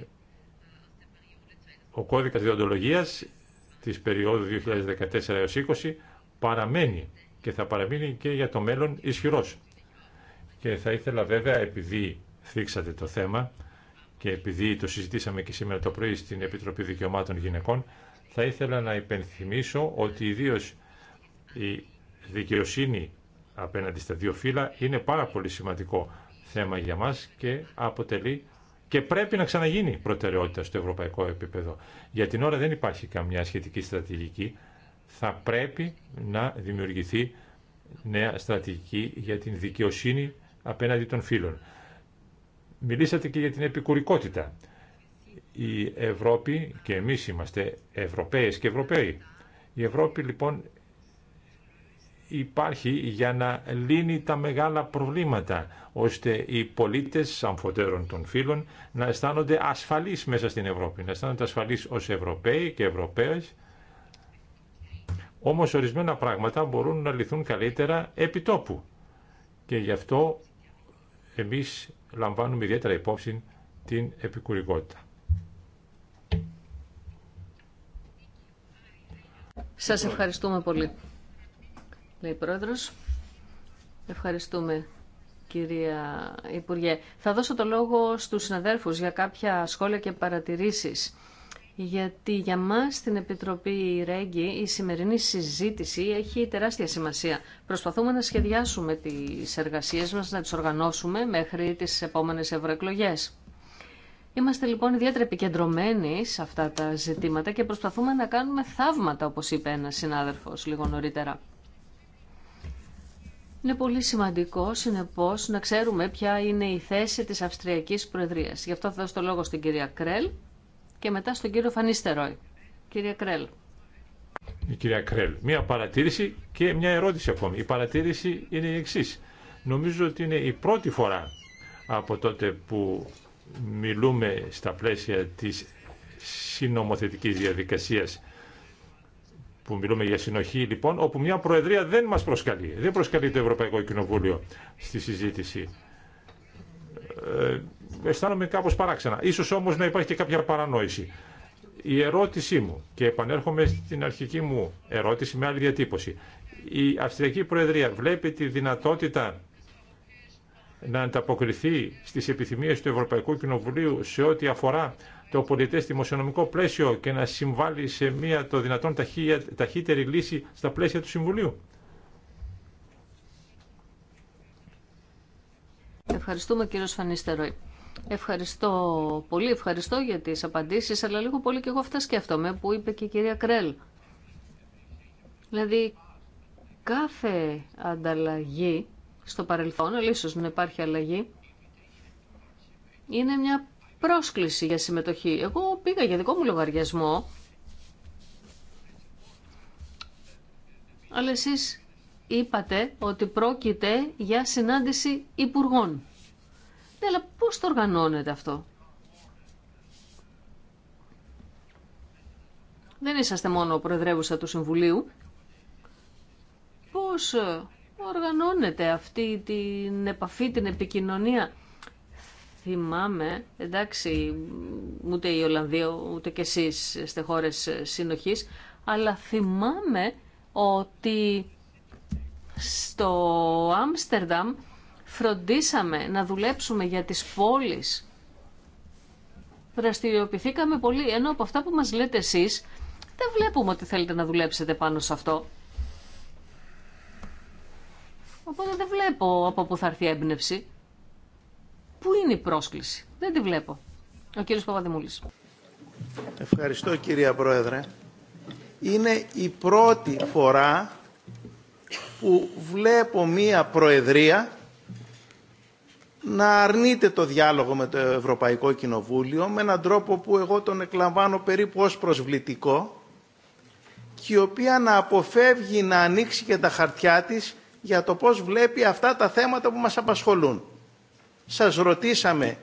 [SPEAKER 2] ο κώδικας διοντολογίας της περίοδου 2014 2014-2020 παραμένει και θα παραμείνει και για το μέλλον ισχυρός. Και θα ήθελα βέβαια επειδή θίξατε το θέμα και επειδή το συζητήσαμε και σήμερα το πρωί στην Επιτροπή Δικαιωμάτων Γυναικών, θα ήθελα να υπενθυμίσω ότι ιδίω η δικαιοσύνη απέναντι στα δύο φύλλα είναι πάρα πολύ σημαντικό θέμα για μας και αποτελεί και πρέπει να ξαναγίνει προτεραιότητα στο ευρωπαϊκό επίπεδο. Για την ώρα δεν υπάρχει καμιά σχετική στρατηγική. Θα πρέπει να δημιουργηθεί νέα στρατηγική για την δικαιοσύνη απέναντι των φίλων. Μιλήσατε και για την επικουρικότητα. Η Ευρώπη και εμείς είμαστε Ευρωπαίες και Ευρωπαίοι. Η Ευρώπη λοιπόν υπάρχει για να λύνει τα μεγάλα προβλήματα, ώστε οι πολίτες αμφωτέρων των φύλων να αισθάνονται ασφαλείς μέσα στην Ευρώπη, να αισθάνονται ασφαλείς ως Ευρωπαίοι και Ευρωπαίες. Όμως ορισμένα πράγματα μπορούν να λυθούν καλύτερα επί τόπου. Και γι' αυτό εμείς λαμβάνουμε ιδιαίτερα υπόψη την επικουρικότητα.
[SPEAKER 3] Σας ευχαριστούμε πολύ λέει πρόεδρος. Ευχαριστούμε κυρία Υπουργέ. Θα δώσω το λόγο στους συναδέρφους για κάποια σχόλια και παρατηρήσεις. Γιατί για μας στην Επιτροπή Ρέγγι η σημερινή συζήτηση έχει τεράστια σημασία. Προσπαθούμε να σχεδιάσουμε τις εργασίες μας, να τις οργανώσουμε μέχρι τις επόμενες ευρωεκλογέ. Είμαστε λοιπόν ιδιαίτερα επικεντρωμένοι σε αυτά τα ζητήματα και προσπαθούμε να κάνουμε θαύματα, όπως είπε ένας συνάδελφος λίγο νωρίτερα. Είναι πολύ σημαντικό, συνεπώ, να ξέρουμε ποια είναι η θέση τη Αυστριακή Προεδρία. Γι' αυτό θα δώσω το λόγο στην κυρία Κρέλ και μετά στον κύριο Φανίστερόι. Κυρία Κρέλ.
[SPEAKER 2] Η κυρία Κρέλ, μία παρατήρηση και μία ερώτηση ακόμη. Η παρατήρηση είναι η εξή. Νομίζω ότι είναι η πρώτη φορά από τότε που μιλούμε στα πλαίσια της συνομοθετικής διαδικασίας που μιλούμε για συνοχή λοιπόν, όπου μια Προεδρία δεν μας προσκαλεί, δεν προσκαλεί το Ευρωπαϊκό Κοινοβούλιο στη συζήτηση. Ε, αισθάνομαι κάπως παράξενα. Ίσως όμως να υπάρχει και κάποια παρανόηση. Η ερώτησή μου, και επανέρχομαι στην αρχική μου ερώτηση με άλλη διατύπωση, η Αυστριακή Προεδρία βλέπει τη δυνατότητα να ανταποκριθεί στις επιθυμίες του Ευρωπαϊκού Κοινοβουλίου σε ό,τι αφορά το πολιτές δημοσιονομικό πλαίσιο και να συμβάλλει σε μια το δυνατόν ταχύτερη λύση στα πλαίσια του Συμβουλίου.
[SPEAKER 3] Ευχαριστούμε κύριο Φανίστεροι. Ευχαριστώ πολύ, ευχαριστώ για τις απαντήσεις, αλλά λίγο πολύ και εγώ αυτά σκέφτομαι που είπε και η κυρία Κρέλ. Δηλαδή κάθε ανταλλαγή στο παρελθόν, αλλά ίσως να υπάρχει αλλαγή, είναι μια πρόσκληση για συμμετοχή. Εγώ πήγα για δικό μου λογαριασμό, αλλά εσείς είπατε ότι πρόκειται για συνάντηση υπουργών. Ναι, αλλά πώς το οργανώνετε αυτό. Δεν είσαστε μόνο προεδρεύουσα του Συμβουλίου. Πώς ε, οργανώνετε αυτή την επαφή, την επικοινωνία θυμάμαι, εντάξει, ούτε η Ολλανδία ούτε κι εσείς είστε χώρες συνοχής, αλλά θυμάμαι ότι στο Άμστερνταμ φροντίσαμε να δουλέψουμε για τις πόλεις. Δραστηριοποιηθήκαμε πολύ, ενώ από αυτά που μας λέτε εσείς, δεν βλέπουμε ότι θέλετε να δουλέψετε πάνω σε αυτό. Οπότε δεν βλέπω από πού θα έρθει έμπνευση. Πού είναι η πρόσκληση. Δεν τη βλέπω. Ο κύριος Παπαδημούλης.
[SPEAKER 1] Ευχαριστώ κυρία Πρόεδρε. Είναι η πρώτη φορά που βλέπω μία προεδρία να αρνείται το διάλογο με το Ευρωπαϊκό Κοινοβούλιο με έναν τρόπο που εγώ τον εκλαμβάνω περίπου ως προσβλητικό και η οποία να αποφεύγει να ανοίξει και τα χαρτιά της για το πώς βλέπει αυτά τα θέματα που μας απασχολούν σας ρωτήσαμε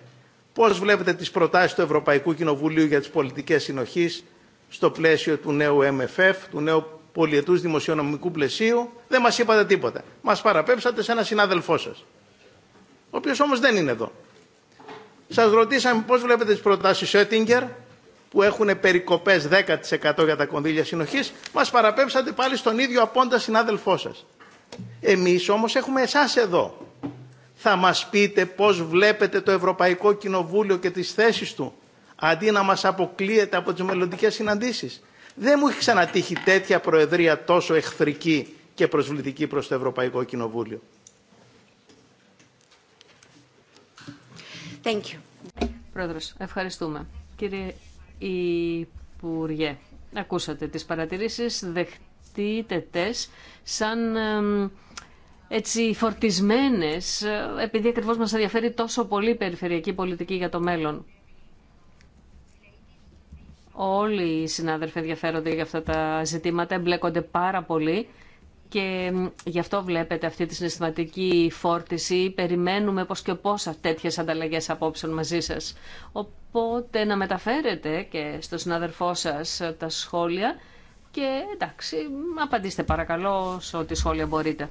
[SPEAKER 1] πώς βλέπετε τις προτάσεις του Ευρωπαϊκού Κοινοβουλίου για τις πολιτικές συνοχής στο πλαίσιο του νέου MFF, του νέου πολιετούς δημοσιονομικού πλαισίου. Δεν μας είπατε τίποτα. Μας παραπέψατε σε ένα συνάδελφό σας, ο οποίος όμως δεν είναι εδώ. Σας ρωτήσαμε πώς βλέπετε τις προτάσεις Σέτιγκερ, που έχουν περικοπές 10% για τα κονδύλια συνοχής, μας παραπέψατε πάλι στον ίδιο απόντα συνάδελφό σας. Εμείς όμως έχουμε εσάς εδώ, θα μας πείτε πώς βλέπετε το Ευρωπαϊκό Κοινοβούλιο και τις θέσεις του, αντί να μας αποκλείεται από τις μελλοντικέ συναντήσεις. Δεν μου έχει ξανατύχει τέτοια προεδρία τόσο εχθρική και προσβλητική προς το Ευρωπαϊκό Κοινοβούλιο.
[SPEAKER 3] Thank you. Πρόεδρος, ευχαριστούμε. Κύριε Υπουργέ, ακούσατε τις παρατηρήσεις, δεχτείτε σαν έτσι φορτισμένες, επειδή ακριβώς μας ενδιαφέρει τόσο πολύ η περιφερειακή πολιτική για το μέλλον. Όλοι οι συνάδελφοι ενδιαφέρονται για αυτά τα ζητήματα, εμπλέκονται πάρα πολύ και γι' αυτό βλέπετε αυτή τη συναισθηματική φόρτιση. Περιμένουμε πώς και πώς τέτοιες ανταλλαγές απόψεων μαζί σας. Οπότε να μεταφέρετε και στο συνάδελφό σας τα σχόλια και εντάξει, απαντήστε παρακαλώ σε ό,τι σχόλια μπορείτε.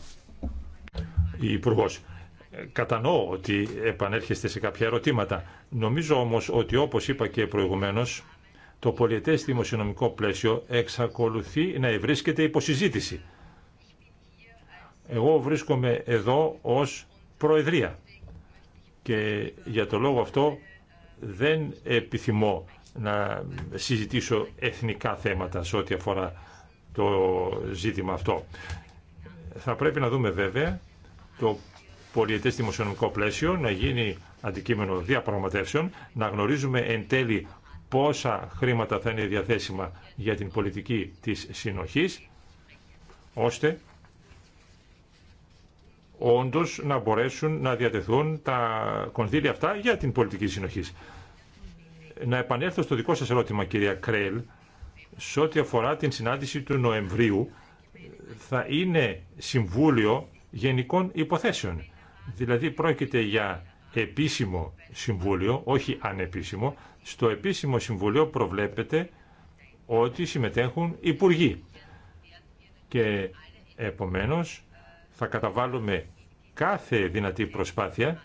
[SPEAKER 2] Υπουργό. Κατανοώ ότι επανέρχεστε σε κάποια ερωτήματα. Νομίζω όμως ότι όπως είπα και προηγουμένως, το πολιτεύστημο δημοσιονομικό πλαίσιο εξακολουθεί να ευρίσκεται υποσυζήτηση. Εγώ βρίσκομαι εδώ ως Προεδρία και για το λόγο αυτό δεν επιθυμώ να συζητήσω εθνικά θέματα σε ό,τι αφορά το ζήτημα αυτό. Θα πρέπει να δούμε βέβαια το πολιετές δημοσιονομικό πλαίσιο να γίνει αντικείμενο διαπραγματεύσεων, να γνωρίζουμε εν τέλει πόσα χρήματα θα είναι διαθέσιμα για την πολιτική της συνοχής, ώστε όντως να μπορέσουν να διατεθούν τα κονδύλια αυτά για την πολιτική συνοχής. Να επανέλθω στο δικό σας ερώτημα, κυρία Κρέλ, σε ό,τι αφορά την συνάντηση του Νοεμβρίου, θα είναι συμβούλιο γενικών υποθέσεων. Δηλαδή πρόκειται για επίσημο συμβούλιο, όχι ανεπίσημο. Στο επίσημο συμβούλιο προβλέπεται ότι συμμετέχουν υπουργοί. Και επομένως θα καταβάλουμε κάθε δυνατή προσπάθεια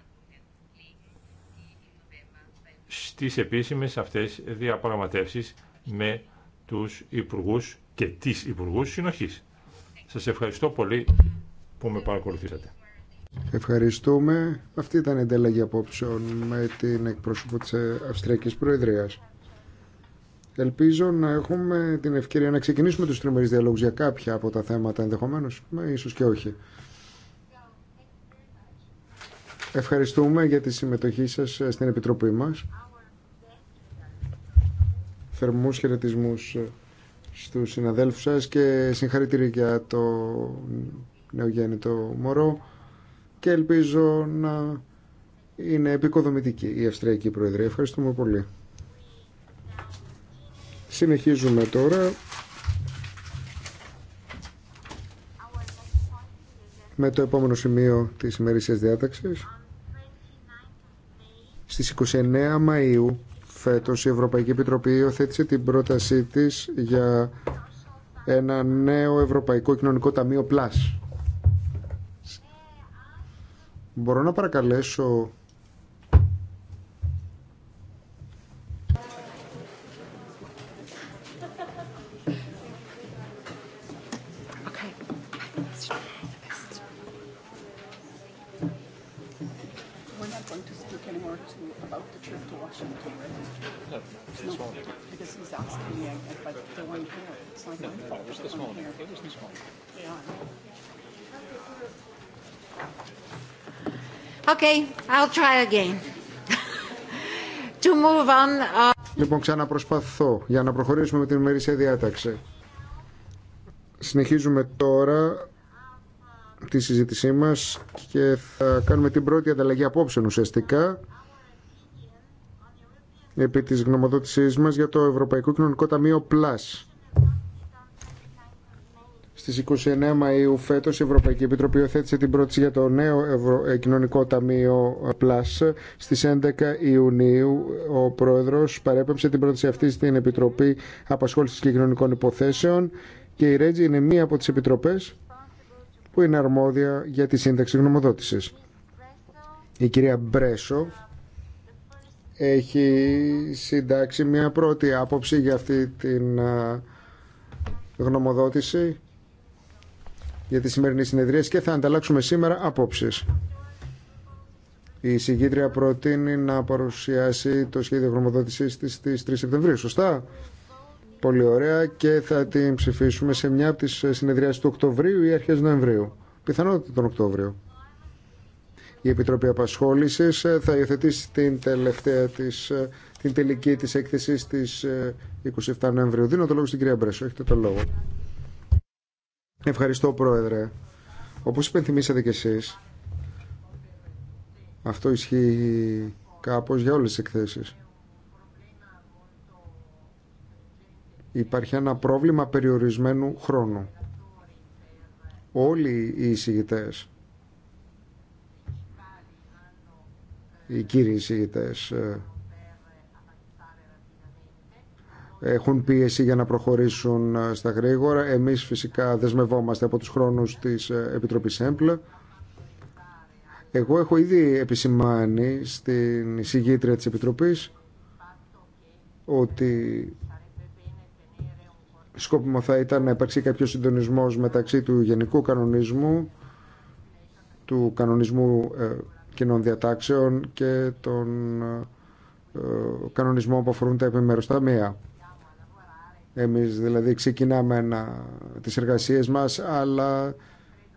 [SPEAKER 2] στις επίσημες αυτές διαπραγματεύσεις με τους υπουργούς και τις υπουργούς συνοχής. Σας ευχαριστώ πολύ που παρακολουθήσατε.
[SPEAKER 4] Ευχαριστούμε. Αυτή ήταν η ενταλλαγή απόψεων με την εκπρόσωπο της Αυστριακής Προεδρίας. Ελπίζω να έχουμε την ευκαιρία να ξεκινήσουμε τους τριμερείς διαλόγους για κάποια από τα θέματα ενδεχομένως, ίσως και όχι. Ευχαριστούμε για τη συμμετοχή σας στην Επιτροπή μας. Θερμούς χαιρετισμού στους συναδέλφους σας και συγχαρητήρια για το νεογέννητο μωρό και ελπίζω να είναι επικοδομητική η Αυστριακή Προεδρία. Ευχαριστούμε πολύ. Συνεχίζουμε τώρα με το επόμενο σημείο της ημερήσιας διάταξης. Στις 29 Μαΐου φέτος η Ευρωπαϊκή Επιτροπή υιοθέτησε την πρότασή της για ένα νέο Ευρωπαϊκό Κοινωνικό Ταμείο Plus. Μπορώ να παρακαλέσω Uh, λοιπόν, ξαναπροσπαθώ για να προχωρήσουμε με την ημερήσια διάταξη. Συνεχίζουμε τώρα τη συζήτησή μας και θα κάνουμε την πρώτη ανταλλαγή απόψε ουσιαστικά επί της γνωμοδότησής μας για το Ευρωπαϊκό Κοινωνικό Ταμείο ΠΛΑΣ. Στι 29 Μαΐου Φέτο, η Ευρωπαϊκή Επιτροπή οθέτησε την πρόταση για το νέο Ευρω... Ε, κοινωνικό Ταμείο ε, Plus. Στις 11 Ιουνίου ο Πρόεδρος παρέπεψε την πρόταση αυτή στην Επιτροπή Απασχόλησης και Κοινωνικών Υποθέσεων και η Ρέτζη είναι μία από τις επιτροπές που είναι αρμόδια για τη σύνταξη γνωμοδότησης. Η κυρία Μπρέσο έχει συντάξει μια πρώτη άποψη για αυτή την ε, γνωμοδότηση για τη σημερινές συνεδρία και θα ανταλλάξουμε σήμερα απόψεις. Η συγκίτρια προτείνει να παρουσιάσει το σχέδιο χρωμοδότησής της στις 3 Σεπτεμβρίου, σωστά. Πολύ ωραία και θα την ψηφίσουμε σε μια από τις συνεδριάσεις του Οκτωβρίου ή αρχές Νοεμβρίου. Πιθανότητα τον Οκτώβριο. Η Επιτροπή Απασχόλησης θα υιοθετήσει την, τελευταία της, την τελική της έκθεση της 27 Νοεμβρίου. Δίνω το λόγο στην κυρία Μπρέσο. Έχετε το λόγο. Ευχαριστώ Πρόεδρε. Όπως υπενθυμίσατε κι εσείς, αυτό ισχύει κάπως για όλες τις εκθέσεις. Υπάρχει ένα πρόβλημα περιορισμένου χρόνου. Όλοι οι εισηγητές, οι κύριοι εισηγητές, ε, έχουν πίεση για να προχωρήσουν ε, στα γρήγορα. Εμείς φυσικά δεσμευόμαστε από τους χρόνους της ε, Επιτροπής ΕΜΠΛΕ. Εγώ έχω ήδη επισημάνει στην εισηγήτρια της Επιτροπής ότι σκόπιμο θα ήταν να υπάρξει κάποιο συντονισμός μεταξύ του γενικού κανονισμού, του κανονισμού ε, κοινών διατάξεων και των κανονισμών που αφορούν τα επιμέρους εμείς δηλαδή ξεκινάμε να, τις εργασίες μας, αλλά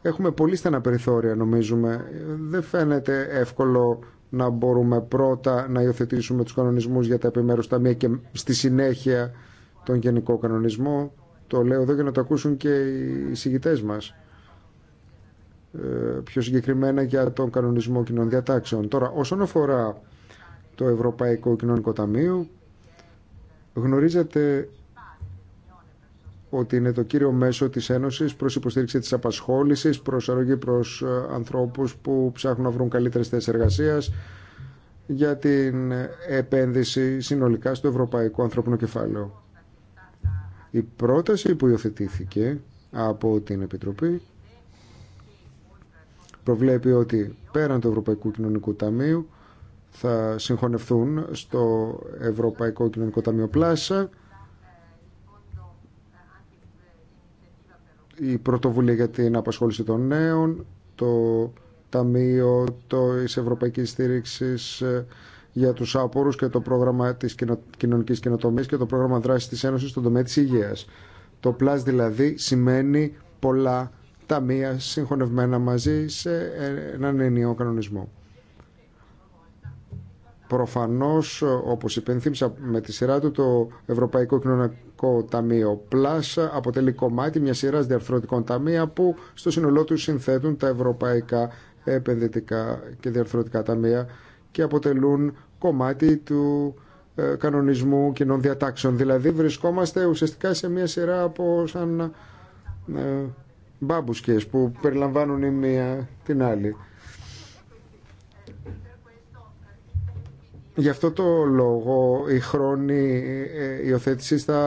[SPEAKER 4] έχουμε πολύ στενά περιθώρια νομίζουμε. Δεν φαίνεται εύκολο να μπορούμε πρώτα να υιοθετήσουμε τους κανονισμούς για τα επιμέρους ταμεία και στη συνέχεια τον γενικό κανονισμό. Το λέω εδώ για να το ακούσουν και οι συγητές μας. Ε, πιο συγκεκριμένα για τον κανονισμό κοινών διατάξεων. Τώρα, όσον αφορά το Ευρωπαϊκό Κοινωνικό Ταμείο, γνωρίζετε ότι είναι το κύριο μέσο της Ένωσης προς υποστήριξη της απασχόλησης, προς αρρωγή προς ε, ανθρώπους που ψάχνουν να βρουν καλύτερες θέσεις εργασίας για την επένδυση συνολικά στο Ευρωπαϊκό Ανθρώπινο Κεφάλαιο. Η πρόταση που υιοθετήθηκε από την Επιτροπή προβλέπει ότι πέραν του Ευρωπαϊκού Κοινωνικού Ταμείου θα συγχωνευτούν στο Ευρωπαϊκό Κοινωνικό Ταμείο Πλάσα η πρωτοβουλία για την απασχόληση των νέων, το Ταμείο της Ευρωπαϊκής Στήριξης ε, για τους άπορους και το πρόγραμμα της κοινωνικής κοινοτομίας και το πρόγραμμα δράσης της Ένωσης στον τομέα της υγείας. Το πλάς δηλαδή σημαίνει πολλά ταμεία συγχωνευμένα μαζί σε ε, έναν ενιαίο κανονισμό. Προφανώς, όπως υπενθύμισα με τη σειρά του, το Ευρωπαϊκό Κοινωνικό Ταμείο Plus αποτελεί κομμάτι μια σειράς διαρθρωτικών ταμεία που στο σύνολό του συνθέτουν τα ευρωπαϊκά επενδυτικά και διαρθρωτικά ταμεία και αποτελούν κομμάτι του ε, κανονισμού κοινών διατάξεων. Δηλαδή βρισκόμαστε ουσιαστικά σε μια σειρά από σαν ε, μπάμπουσκες που περιλαμβάνουν η μία την άλλη. Γι' αυτό το λόγο οι χρόνοι ε, υιοθέτηση θα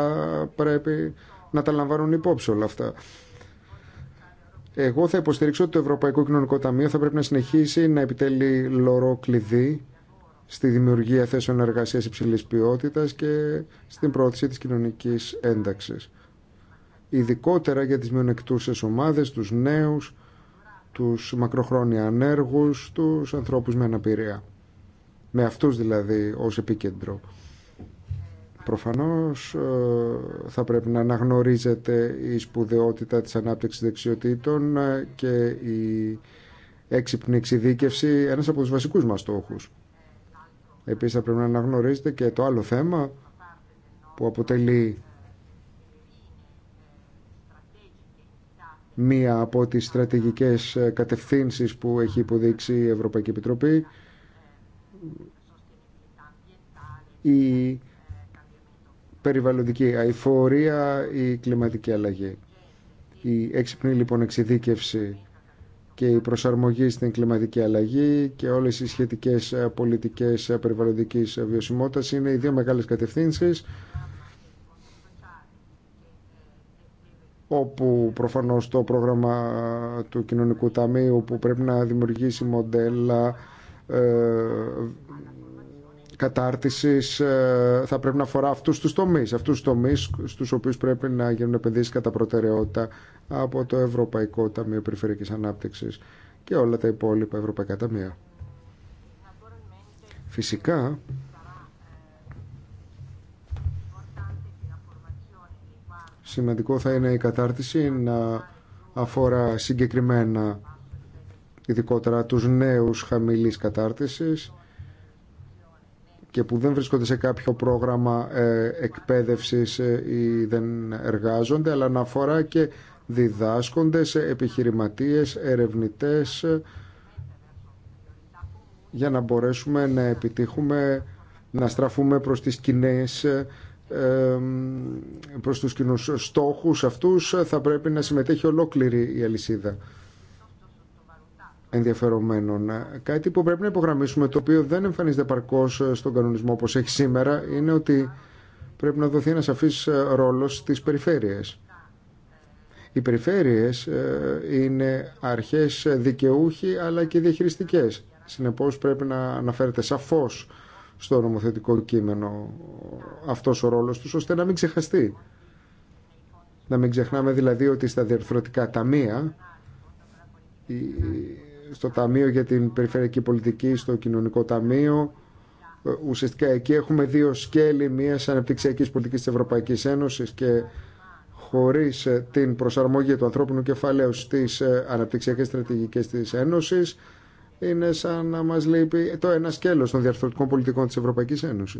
[SPEAKER 4] πρέπει να τα λαμβάνουν υπόψη όλα αυτά. Εγώ θα υποστηρίξω ότι το Ευρωπαϊκό Κοινωνικό Ταμείο θα πρέπει να συνεχίσει να επιτελεί λωρό κλειδί στη δημιουργία θέσεων εργασίας υψηλής ποιότητας και στην πρόθεση της κοινωνικής ένταξης. Ειδικότερα για τις μειονεκτούσες ομάδες, τους νέους, τους μακροχρόνια ανέργους, τους ανθρώπους με αναπηρία με αυτούς δηλαδή ως επίκεντρο. Προφανώς ε, θα πρέπει να αναγνωρίζεται η σπουδαιότητα της ανάπτυξης δεξιοτήτων ε, και η έξυπνη εξειδίκευση ένας από τους βασικούς μας στόχους. Επίσης θα πρέπει να αναγνωρίζεται και το άλλο θέμα που αποτελεί μία από τις στρατηγικές ε, κατευθύνσεις που έχει υποδείξει η Ευρωπαϊκή Επιτροπή η περιβαλλοντική αηφορία, η κλιματική αλλαγή. Η έξυπνη λοιπόν εξειδίκευση και η προσαρμογή στην κλιματική αλλαγή και όλες οι σχετικές ε, πολιτικές ε, περιβαλλοντικής ε, βιωσιμότητας είναι οι δύο μεγάλες κατευθύνσεις όπου προφανώς το πρόγραμμα του Κοινωνικού Ταμείου που πρέπει να δημιουργήσει μοντέλα ε, κατάρτισης ε, θα πρέπει να αφορά αυτούς τους τομείς, αυτούς τους τομείς στους οποίους πρέπει να γίνουν επενδύσεις κατά προτεραιότητα από το Ευρωπαϊκό Ταμείο Περιφερειακής Ανάπτυξης και όλα τα υπόλοιπα Ευρωπαϊκά Ταμεία. Φυσικά, σημαντικό θα είναι η κατάρτιση να αφορά συγκεκριμένα ειδικότερα τους νέους χαμηλής κατάρτισης και που δεν βρίσκονται σε κάποιο πρόγραμμα ε, εκπαίδευσης ε, ή δεν εργάζονται, αλλά αφορά και διδάσκοντες, επιχειρηματίες, ερευνητές, για να μπορέσουμε να επιτύχουμε, να στραφούμε προς τις κοινέ ε, προς τους κοινούς στόχους αυτούς θα πρέπει να συμμετέχει ολόκληρη η αλυσίδα ενδιαφερομένων. Κάτι που πρέπει να υπογραμμίσουμε, το οποίο δεν εμφανίζεται παρκώ στον κανονισμό όπως έχει σήμερα, είναι ότι πρέπει να δοθεί ένα σαφή ρόλος στις περιφέρειες. Οι περιφέρειες ε, είναι αρχές δικαιούχοι αλλά και διαχειριστικέ. Συνεπώς πρέπει να αναφέρεται σαφώς στο νομοθετικό κείμενο αυτός ο ρόλος τους, ώστε να μην ξεχαστεί. Να μην ξεχνάμε δηλαδή ότι στα διαρθρωτικά ταμεία στο Ταμείο για την Περιφερειακή Πολιτική, στο Κοινωνικό Ταμείο. Ε, ουσιαστικά εκεί έχουμε δύο σκέλη μια αναπτυξιακή πολιτική τη Ευρωπαϊκή Ένωση και χωρί ε, την προσαρμογή του ανθρώπινου κεφαλαίου στι ε, αναπτυξιακέ στρατηγικέ τη Ένωση, είναι σαν να μα λείπει το ένα σκέλο των διαρθρωτικών πολιτικών τη Ευρωπαϊκή Ένωση.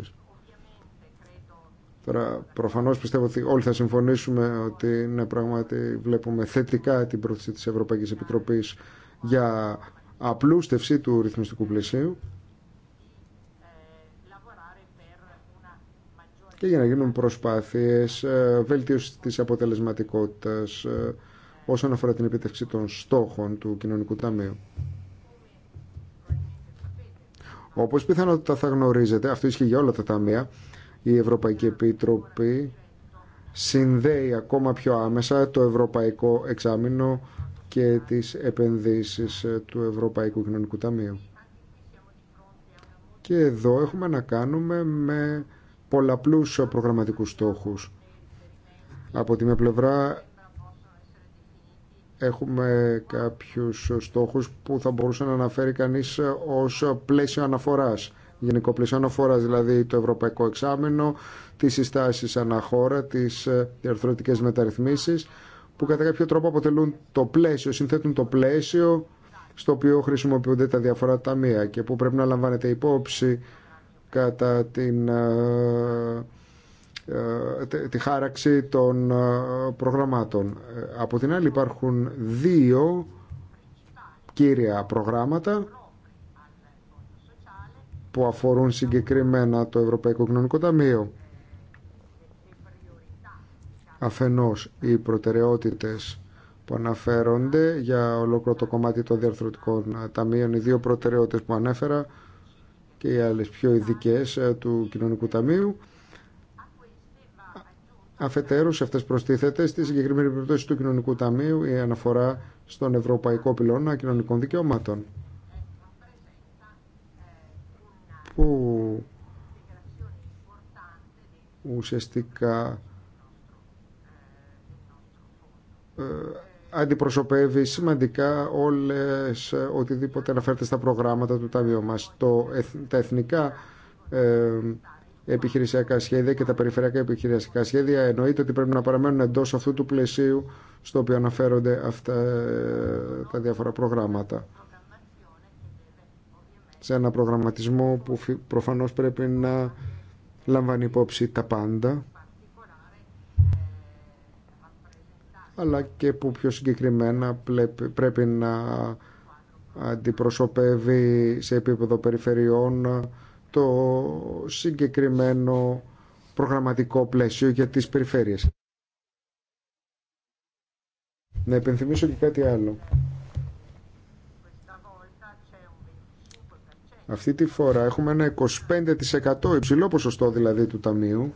[SPEAKER 4] Τώρα, προφανώ πιστεύω ότι όλοι θα συμφωνήσουμε ότι είναι πράγματι βλέπουμε θετικά την πρόθεση τη Ευρωπαϊκή Επιτροπή για απλούστευση του ρυθμιστικού πλαισίου και για να γίνουν προσπάθειες ε, βελτίωση της αποτελεσματικότητας ε, όσον αφορά την επίτευξη των στόχων του κοινωνικού ταμείου. Όπως πιθανότητα θα γνωρίζετε, αυτό ισχύει για όλα τα ταμεία, η Ευρωπαϊκή Επίτροπη συνδέει ακόμα πιο άμεσα το Ευρωπαϊκό Εξάμεινο και τις επενδύσεις ε, του Ευρωπαϊκού Κοινωνικού Ταμείου. Και εδώ έχουμε να κάνουμε με πολλαπλούς προγραμματικούς στόχους. Από τη μια πλευρά έχουμε κάποιους στόχους που θα μπορούσε να αναφέρει κανείς ως πλαίσιο αναφοράς. Γενικό πλαίσιο αναφοράς, δηλαδή το ευρωπαϊκό εξάμεινο, τις συστάσεις αναχώρα, τις ε, διαρθρωτικές μεταρρυθμίσεις που κατά κάποιο τρόπο αποτελούν το πλαίσιο, συνθέτουν το πλαίσιο στο οποίο χρησιμοποιούνται τα διάφορα ταμεία και που πρέπει να λαμβάνεται υπόψη κατά την, ε, ε, τη χάραξη των ε, προγραμμάτων. Από την άλλη υπάρχουν δύο κύρια προγράμματα που αφορούν συγκεκριμένα το Ευρωπαϊκό Κοινωνικό Ταμείο Αφενός, οι προτεραιότητες που αναφέρονται για ολόκληρο το κομμάτι των διαρθρωτικών ταμείων, οι δύο προτεραιότητες που ανέφερα και οι άλλες πιο ειδικέ ε, του Κοινωνικού Ταμείου. Αφετέρου, σε αυτές προστίθεται στη συγκεκριμένη περίπτωση του Κοινωνικού Ταμείου η αναφορά στον Ευρωπαϊκό Πυλώνα Κοινωνικών Δικαιωμάτων που ουσιαστικά ε, αντιπροσωπεύει σημαντικά όλες ε, οτιδήποτε αναφέρεται στα προγράμματα του Ταμείου μας. Το, τα εθνικά ε, επιχειρησιακά σχέδια και τα περιφερειακά επιχειρησιακά σχέδια εννοείται ότι πρέπει να παραμένουν εντός αυτού του πλαισίου στο οποίο αναφέρονται αυτά ε, τα διάφορα προγράμματα. Σε ένα προγραμματισμό που προφανώς πρέπει να λαμβάνει υπόψη τα πάντα αλλά και που πιο συγκεκριμένα πρέπει να αντιπροσωπεύει σε επίπεδο περιφερειών το συγκεκριμένο προγραμματικό πλαίσιο για τις περιφέρειες. Να υπενθυμίσω και κάτι άλλο. Αυτή τη φορά έχουμε ένα 25% υψηλό ποσοστό δηλαδή του Ταμείου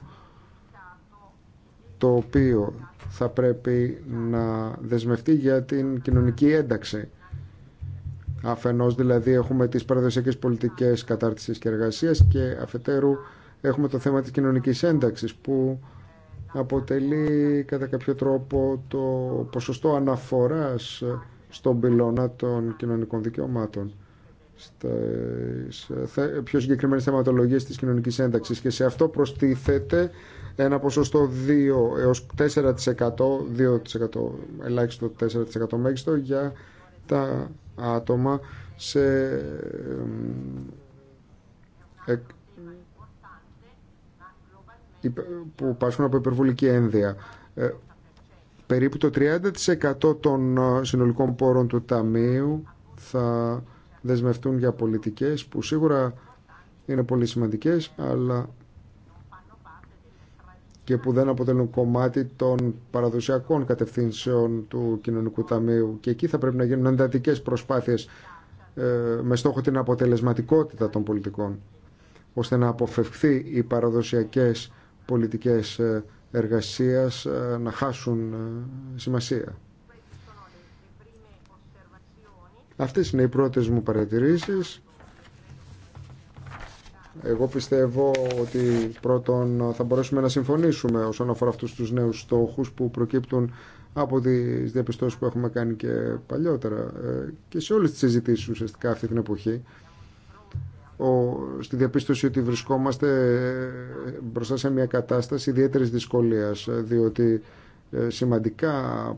[SPEAKER 4] το οποίο θα πρέπει να δεσμευτεί για την κοινωνική ένταξη. Αφενός δηλαδή έχουμε τις παραδοσιακές πολιτικές κατάρτισης και εργασίας και αφετέρου έχουμε το θέμα της κοινωνικής ένταξης που αποτελεί κατά κάποιο τρόπο το ποσοστό αναφοράς στον πυλώνα των κοινωνικών δικαιωμάτων στις πιο συγκεκριμένες θεματολογίες της κοινωνικής ένταξης και σε αυτό προστίθεται ένα ποσοστό 2 έως 4%, 2% ελάχιστο 4% μέγιστο για τα άτομα σε που πάσχουν από υπερβολική ένδυα. Ε, περίπου το 30% των ε, συνολικών πόρων του Ταμείου θα δεσμευτούν για πολιτικές που σίγουρα είναι πολύ σημαντικές, αλλά και που δεν αποτελούν κομμάτι των παραδοσιακών κατευθύνσεων του κοινωνικού ταμείου. Και εκεί θα πρέπει να γίνουν εντατικέ προσπάθειες ε, με στόχο την αποτελεσματικότητα των πολιτικών, ώστε να αποφευχθεί οι παραδοσιακές πολιτικές ε, εργασίας ε, να χάσουν σημασία. Αυτές είναι οι πρώτες μου παρατηρήσεις. Εγώ πιστεύω ότι πρώτον θα μπορέσουμε να συμφωνήσουμε όσον αφορά αυτούς τους νέους στόχους που προκύπτουν από τις διαπιστώσεις που έχουμε κάνει και παλιότερα ε, και σε όλες τις συζητήσεις ουσιαστικά αυτή την εποχή στη διαπίστωση ότι βρισκόμαστε ε, μπροστά σε μια κατάσταση ιδιαίτερης δυσκολίας ε, διότι σημαντικά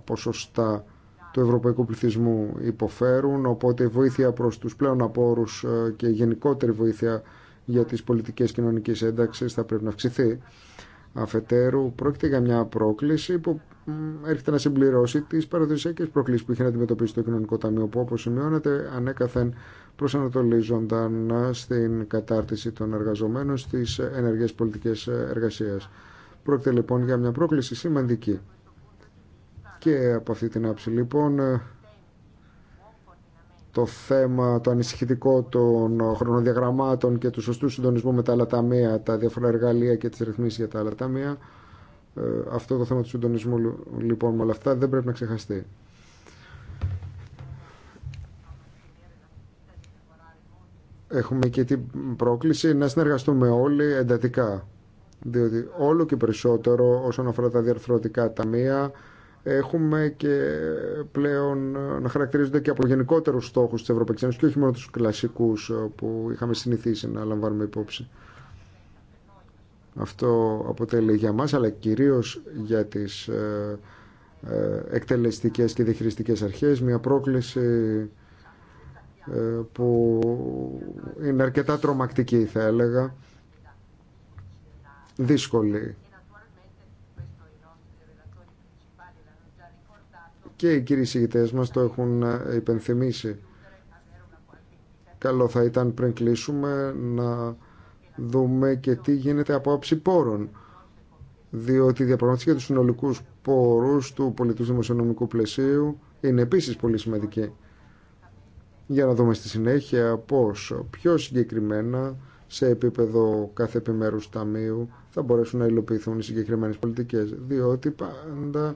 [SPEAKER 4] ποσοστά του ευρωπαϊκού πληθυσμού υποφέρουν οπότε βοήθεια προς τους πλέον απόρους και γενικότερη βοήθεια για τις πολιτικές κοινωνικής ένταξης θα πρέπει να αυξηθεί. Αφετέρου, πρόκειται για μια πρόκληση που έρχεται να συμπληρώσει τις παραδοσιακές προκλήσεις που είχε να αντιμετωπίσει το Κοινωνικό Ταμείο που όπως σημειώνεται ανέκαθεν προσανατολίζονταν στην κατάρτιση των εργαζομένων στις ενεργές πολιτικές εργασίες. Πρόκειται λοιπόν για μια πρόκληση σημαντική. Και από αυτή την άψη λοιπόν το θέμα το ανησυχητικό των χρονοδιαγραμμάτων και του σωστού συντονισμού με τα άλλα ταμεία, τα διάφορα εργαλεία και τις ρυθμίσεις για τα άλλα ταμεία. Ε, αυτό το θέμα του συντονισμού λοιπόν με όλα αυτά δεν πρέπει να ξεχαστεί. Έχουμε και την πρόκληση να συνεργαστούμε όλοι εντατικά, διότι όλο και περισσότερο όσον αφορά τα διαρθρωτικά ταμεία έχουμε και πλέον ε, να χαρακτηρίζονται και από γενικότερους στόχους της Ευρωπαϊκής Ένωσης και όχι μόνο τους κλασικούς ε, που είχαμε συνηθίσει να λαμβάνουμε υπόψη. Αυτό αποτελεί για μας αλλά κυρίως για τις ε, εκτελεστικές και διαχειριστικές αρχές μια πρόκληση που είναι αρκετά τρομακτική θα έλεγα δύσκολη και οι κύριοι συγητές μας το έχουν ε, υπενθυμίσει. Καλό θα ήταν πριν κλείσουμε να δούμε και τι γίνεται από άψη πόρων. Διότι η διαπραγματεύση για του συνολικού πόρου του πολιτού δημοσιονομικού πλαισίου είναι επίση πολύ σημαντική. Για να δούμε στη συνέχεια πώ πιο συγκεκριμένα σε επίπεδο κάθε επιμέρου ταμείου θα μπορέσουν να υλοποιηθούν οι συγκεκριμένε πολιτικέ. Διότι πάντα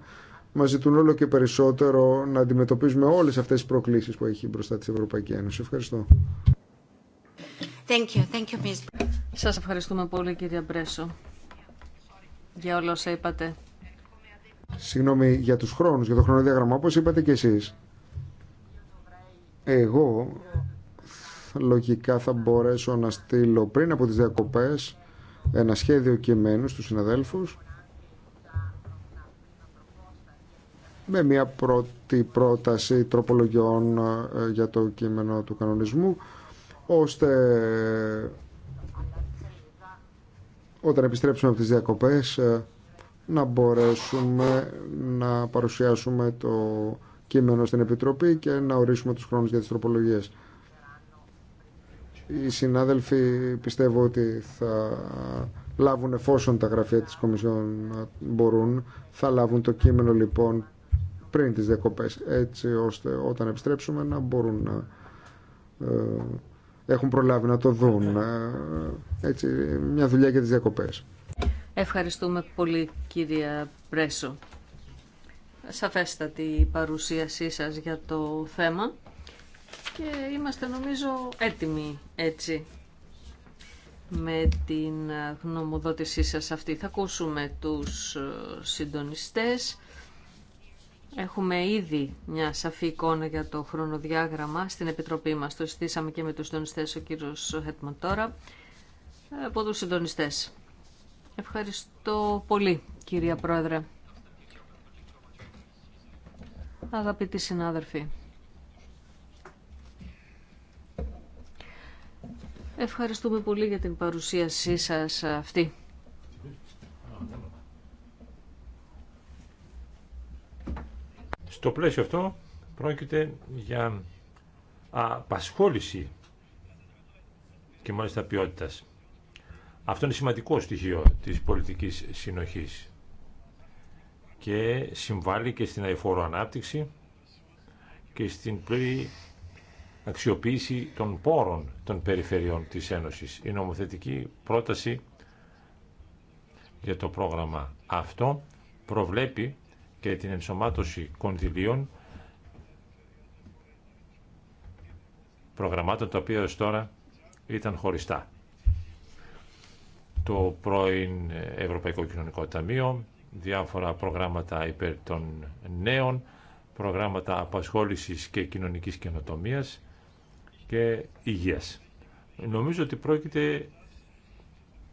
[SPEAKER 4] Μα ζητούν όλο και περισσότερο να αντιμετωπίζουμε όλες αυτές τις προκλήσεις που έχει μπροστά της Ευρωπαϊκή Ένωση. Ευχαριστώ. Thank you. Thank
[SPEAKER 3] you, Σας ευχαριστούμε πολύ κυρία Μπρέσο για όλα όσα είπατε.
[SPEAKER 4] Συγγνώμη για τους χρόνους, για το χρονοδιάγραμμα, όπως είπατε και εσείς. Εγώ λογικά θα μπορέσω να στείλω πριν από τις διακοπές ένα σχέδιο κειμένου στους συναδέλφους με μια πρώτη πρόταση τροπολογιών ε, για το κείμενο του κανονισμού ώστε όταν επιστρέψουμε από τις διακοπές ε, να μπορέσουμε να παρουσιάσουμε το κείμενο στην Επιτροπή και να ορίσουμε τους χρόνους για τις τροπολογίες. Οι συνάδελφοι πιστεύω ότι θα λάβουν εφόσον τα γραφεία της Κομισιόν μπορούν. Θα λάβουν το κείμενο λοιπόν πριν τις διακοπές έτσι ώστε όταν επιστρέψουμε να μπορούν να ε, έχουν προλάβει να το δουν ε, έτσι μια δουλειά για τις διακοπές
[SPEAKER 3] Ευχαριστούμε πολύ κυρία Πρέσο σαφέστατη η παρουσίασή σας για το θέμα και είμαστε νομίζω έτοιμοι έτσι με την γνωμοδότησή σας αυτή. Θα ακούσουμε τους ε, συντονιστές Έχουμε ήδη μια σαφή εικόνα για το χρονοδιάγραμμα στην Επιτροπή μας. Το συστήσαμε και με τους συντονιστές ο κύριος Χέτμαν τώρα από τους συντονιστές. Ευχαριστώ πολύ κυρία Πρόεδρε. Αγαπητοί συνάδελφοι. Ευχαριστούμε πολύ για την παρουσίασή σας αυτή.
[SPEAKER 2] Στο πλαίσιο αυτό πρόκειται για απασχόληση και μάλιστα ποιότητα. Αυτό είναι σημαντικό στοιχείο της πολιτικής συνοχής και συμβάλλει και στην αηφόρο ανάπτυξη και στην πλήρη αξιοποίηση των πόρων των περιφερειών της Ένωσης. Η νομοθετική πρόταση για το πρόγραμμα αυτό προβλέπει και την ενσωμάτωση κονδυλίων προγραμμάτων τα οποία ως τώρα ήταν χωριστά. Το πρώην Ευρωπαϊκό Κοινωνικό Ταμείο, διάφορα προγράμματα υπέρ των νέων, προγράμματα απασχόλησης και κοινωνικής καινοτομίας και υγείας. Νομίζω ότι πρόκειται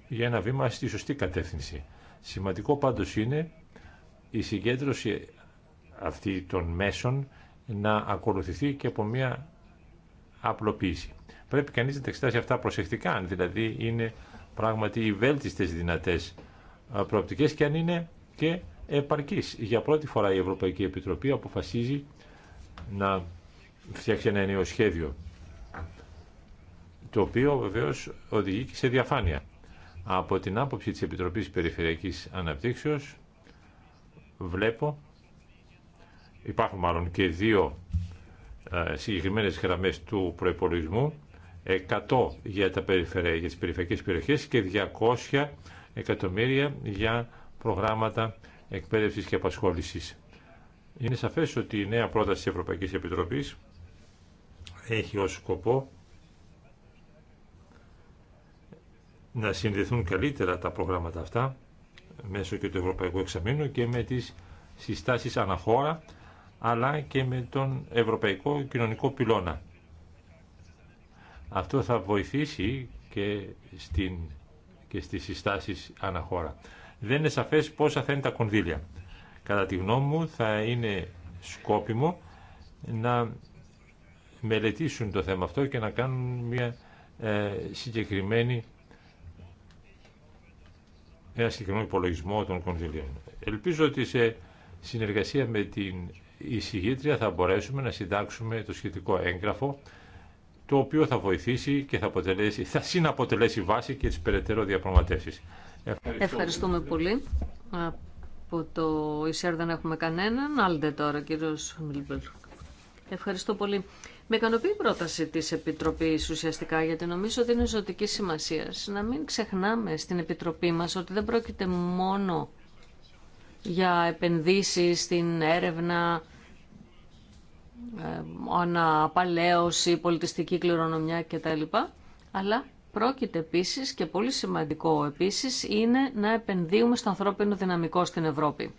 [SPEAKER 2] για ένα βήμα στη σωστή κατεύθυνση. Σημαντικό πάντως είναι η συγκέντρωση αυτή των μέσων να ακολουθηθεί και από μια απλοποίηση. Πρέπει κανείς να τα αυτά προσεκτικά, αν δηλαδή είναι πράγματι οι βέλτιστες δυνατές προοπτικές και αν είναι και επαρκής. Για πρώτη φορά η Ευρωπαϊκή Επιτροπή αποφασίζει να φτιάξει ένα νέο σχέδιο, το οποίο βεβαίως οδηγεί και σε διαφάνεια. Από την άποψη της Επιτροπής Περιφερειακής Αναπτύξεως, βλέπω υπάρχουν μάλλον και δύο ε, συγκεκριμένες γραμμές του προϋπολογισμού 100 για, τα περιφερε... για τις περιφερειακές περιοχές και 200 εκατομμύρια για προγράμματα εκπαίδευσης και απασχόλησης. Είναι σαφές ότι η νέα πρόταση της Ευρωπαϊκής Επιτροπής έχει ως σκοπό να συνδεθούν καλύτερα τα προγράμματα αυτά μέσω και του Ευρωπαϊκού Εξαμήνου και με τις συστάσεις αναχώρα αλλά και με τον Ευρωπαϊκό Κοινωνικό Πυλώνα. Αυτό θα βοηθήσει και, στην, και στις συστάσεις αναχώρα. Δεν είναι σαφές πόσα θα είναι τα κονδύλια. Κατά τη γνώμη μου θα είναι σκόπιμο να μελετήσουν το θέμα αυτό και να κάνουν μια ε, συγκεκριμένη ένα συγκεκριμένο υπολογισμό των κονδυλίων. Ελπίζω ότι σε συνεργασία με την εισηγήτρια θα μπορέσουμε να συντάξουμε το σχετικό έγγραφο το οποίο θα βοηθήσει και θα, αποτελέσει, θα συναποτελέσει βάση και τις περαιτέρω διαπραγματεύσεις. Ευχαριστούμε
[SPEAKER 3] πολύ. Από το ΙΣΕΡ δεν έχουμε κανέναν. Άλντε τώρα, κύριος Μιλμπελ. Ευχαριστώ πολύ. Με ικανοποιεί η πρόταση τη Επιτροπή ουσιαστικά, γιατί νομίζω ότι είναι ζωτική σημασία να μην ξεχνάμε στην Επιτροπή μα ότι δεν πρόκειται μόνο για επενδύσει, στην έρευνα, ε, αναπαλαίωση, πολιτιστική κληρονομιά κτλ. Αλλά πρόκειται επίση και πολύ σημαντικό επίση είναι να επενδύουμε στο ανθρώπινο δυναμικό στην Ευρώπη.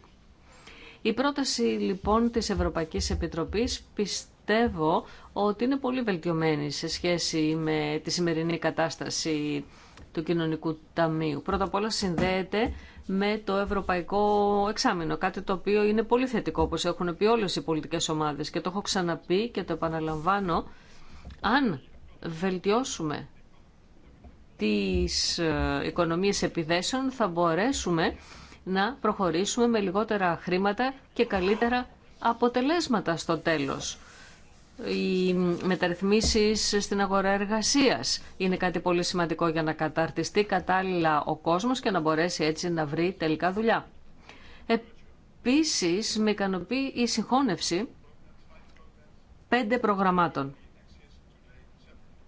[SPEAKER 3] Η πρόταση λοιπόν της Ευρωπαϊκής Επιτροπής πιστεύει πιστεύω ότι είναι πολύ βελτιωμένη σε σχέση με τη σημερινή κατάσταση του Κοινωνικού Ταμείου. Πρώτα απ' όλα συνδέεται με το Ευρωπαϊκό Εξάμεινο, κάτι το οποίο είναι πολύ θετικό, όπως έχουν πει όλες οι πολιτικές ομάδες. Και το έχω ξαναπεί και το επαναλαμβάνω, αν βελτιώσουμε τις ε, οικονομίες επιδέσεων, θα μπορέσουμε να προχωρήσουμε με λιγότερα χρήματα και καλύτερα αποτελέσματα στο τέλος οι μεταρρυθμίσεις στην αγορά εργασίας είναι κάτι πολύ σημαντικό για να καταρτιστεί κατάλληλα ο κόσμος και να μπορέσει έτσι να βρει τελικά δουλειά. Επίσης, με ικανοποιεί η συγχώνευση πέντε προγραμμάτων